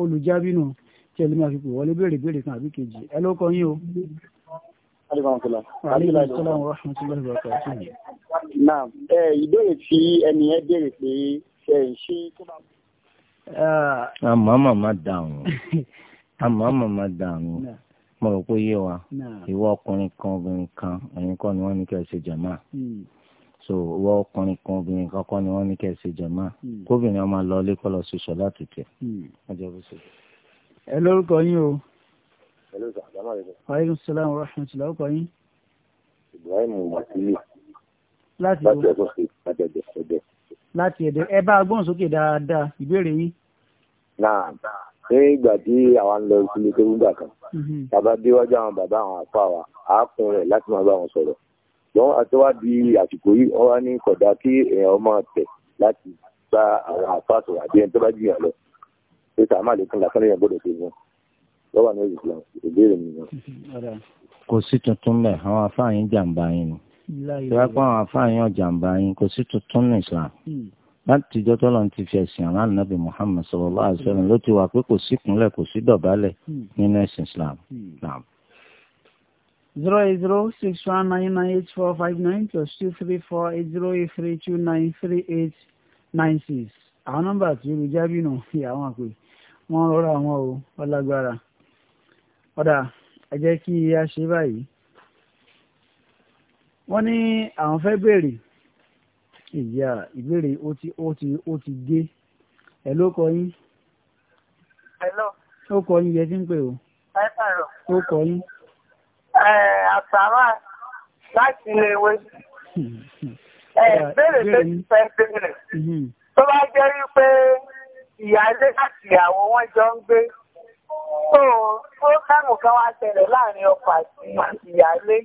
olùjábínú tí ẹlẹ́mìí àfikún wọlé béèrè béèrè kan àbí kejì. Ẹ ló kọ yín o ìbéèrè tí ẹni ẹ béèrè pé ṣe ń ṣe tó bá. àmọ́ màmá dàrún àmọ́ màmá dàrún mo rò pé yé wa ìwọ ọkùnrin kan obìnrin kan ẹ̀yin kọ́ ni wọ́n ní kẹ́ ẹ ṣe jàmá hmm. so ìwọ ọkùnrin kan obìnrin kan kọ́ ni wọ́n ní kẹ́ ẹ ṣe jàmá hmm. kóbìnrin ọmọ lọ ilé kọ́ lọ ṣe sọ láti tẹ̀. ẹ lórúkọ yín o pẹ̀lú ìsàlámà rẹ̀. aleykum salaam wa rahmatulah ọkọ yín. ibrahim wakili. láti láti ẹ̀kọ́ sí láti ẹ̀dẹ̀ ẹ bá agbóhùn dáadáa ìbéèrè yín. náà ní ìgbà tí àwa ń lọ sílé tó gbà kan bàbá mhm. déwájú àwọn bàbá àwọn àpá wa àákùn rẹ̀ láti máa bá wọn sọ̀rọ̀ wọn àti wá di àsìkò yìí wọn wá ní kódà kí èèyàn máa tẹ̀ láti bá àwọn àpá sọ̀rọ̀ àbí ẹni tó bá jìyàn lọ pé sàmà lè fún làkàlẹ̀ yẹn gbọ́dọ̀ ṣe wọn lọ́wọ́ ní ẹ̀yìn kíláàsì ìbéèrè mi náà. kò sí tuntun mẹ́ àwọn afáàyàn jàǹbá yín ni ìwà pé àwọn afáàyàn jàǹbá yín kò sí tuntun ní Islam hmm. láti ìjọ tó lọ́n ti fi ẹ̀sìn àwọn ànábì Muhammad sallallahu alaihi wasallam ló ti wà pé kò sí kúnlẹ̀ kò sí dọ̀bálẹ̀ hmm. nínú ẹ̀sìn Islam. Hmm. zero eight zero six one nine nine eight four five nine plus two three four eight zero eight three two nine three eight nine six àwọn nọ́mbà tí olùjábí náà fi àwọn àpè wọn rọra àwọn o ọlágbára ọ̀dà ẹ kí a ṣe báyìí wọ́n ní àwọn fẹ́ béèrè ìyá ìbéèrè ó ti ó ti ó ti gé ẹ ló kọ yín. hello. ó kọ yín yẹ tí ń pè o. ẹ pààrọ̀. ó kọ yín. ẹ àtàrà láti ilé ìwé. ẹ béèrè pé fẹ́ béèrè. tó bá jẹ́ wípé ìyáálé àti ìyàwó wọn jọ ń gbé. So, prógámù kan wá ṣẹlẹ̀ láàrin ọkọ àti ìyálé.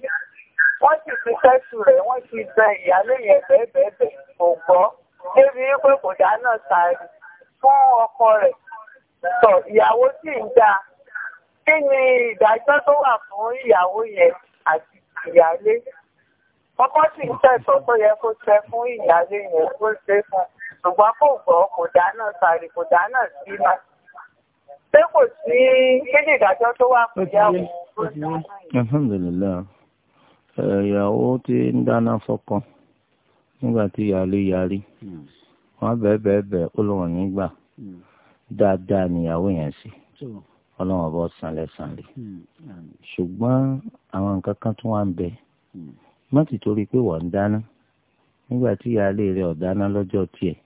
Wọ́n sì fi tẹ́sù rẹ̀, wọ́n ti gba ìyálé yẹn bẹ́ẹ̀bẹ́ẹ̀bẹ̀ kò gbọ́. Débi wípé kò dáná sáré fún ọkọ rẹ̀. Sọ ìyàwó sì ń dá. Kí ni ìdájọ́ tó wà fún ìyàwó yẹn àti ìyálé? Ọkọ sì ń tẹ̀sọ́ tó yẹ kó tẹ fún ìyálé yẹn kó ṣe fún. Ṣùgbọ́n kò gbọ́ kò dáná sáré kò dáná sí màá pé kò sí kéde ìdájọ́ tó wà pẹ̀lú àwọn alhamdulilayi ìyàwó tí ń dáná fọ́kọ nígbà tí ìyáálé yarí hmm. wọn bẹ́ẹ̀ bẹ́ẹ̀ bẹ́ẹ̀ ó lóun nígbà hmm. dáadáa níyàwó yẹn sí ọlọ́run ọba sanlẹ̀ sanlẹ̀ hmm. ṣùgbọ́n àwọn nǹkan kan tún wà ń bẹ má ti torí pé wọ́n ń dáná nígbà tí ìyáálé rẹ̀ ọ̀ dáná lọ́jọ́ tiẹ̀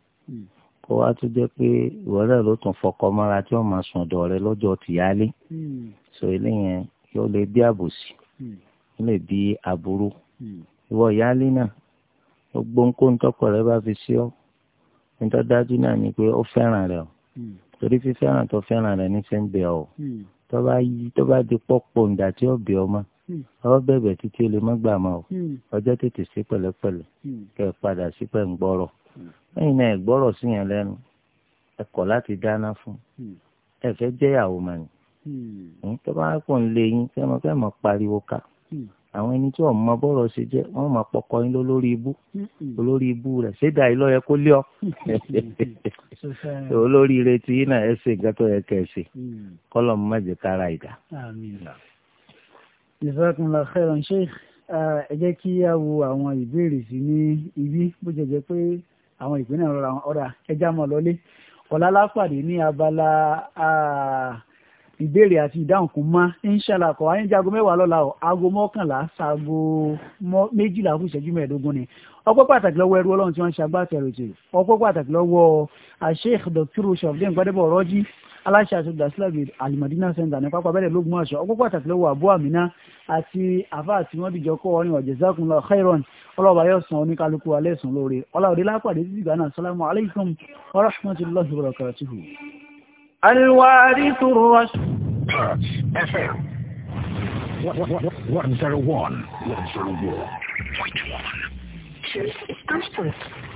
kó wá tó jẹ́ pé ìwọ náà ló tún fọkọ mọ́ra tí wọ́n máa sùn ọ̀dọ̀ rẹ lọ́jọ́ tìyálé hmm. so eléyẹn yóò lè bí àbòsí hmm. ó lè bí aburú hmm. ìwọ ìyálé náà ó gbóńkóń tọkọ rẹ bá fi sí ọ nítorí dájú náà ni pé ó fẹ́ràn rẹ o torí fífẹ́ràn tó fẹ́ràn rẹ ní ṣe ń bẹ ọ tó bá yí tó bá di pọ́pọ́ ǹdà tí ó bẹ ọmọ ọ bẹ̀bẹ̀ títí o lè má gbà mọ́ ọ ọjọ́ tètè sí pẹ̀lẹ́pẹ̀lẹ́ kẹ́ ẹ padà sí pẹ̀ ń gbọ́rọ̀ lẹ́yìn náà ẹ gbọ́rọ̀ sí yẹn lẹ́nu ẹ kọ̀ láti dáná fún hmm. ẹ fẹ́ jẹ́yàwó mà ní. Hmm. tó bá pọ̀ ń lé yín fẹ́ mọ fẹ́ mọ pariwo ká hmm. àwọn ẹni tí wọ́n mọ bọ́rọ̀ ṣe jẹ́ wọ́n mọ pọkọ yín lórí ibú olórí ibú rẹ̀ ṣéda yìí lọ́yẹ kó lé ọ olórí retí yín náà ẹ ṣe nǹkan tó yẹ kẹ́ ẹ kọ́lọ̀ mọ́ kára ìdá. ìfọkànlá khairan sheikh ẹ jẹ́ kí a wo àwọn ìbéèrè sí ní ibi bó jẹ́ jẹ́ pé àwọn ìpínlẹ̀ rọra ọ̀dà ẹja mọ̀ lọ́lé ọ̀la ní abala ìbéèrè àti ìdáhùn kún mọ́ inṣàlá kọ́ ayé jago mẹ́wàá lọ́la o aago mọ́kànlá ṣaago méjìlá fún ìṣẹ́jú mẹ́ẹ̀ẹ́dógún ni ọpẹ́ pàtàkì lọ́wọ́ ẹrú ọlọ́run tí wọ́n ń ṣe agbátẹrù ètò ọpẹ́ pàtàkì lọ́wọ́ Sheikh Dr. Shafdin Rọ́jí aláṣẹ àti olùdásílẹ̀ alimadina center ní pápá abẹ́rẹ́ lógún àṣọ ọgbọ́n pàtàkì lọ́wọ́ àbú àmìná àti àfa àti wọ́n dìjọ kọ́ ọrin jazakumullahu khairan ọlọ́ọ̀bá yóò san oníkálukú alẹ́ sùn lóore ọláòdé lápàdé títí gánà assalamu alaikum wa rahmatullahi wa barakatuhu. alwarithu rasul. FM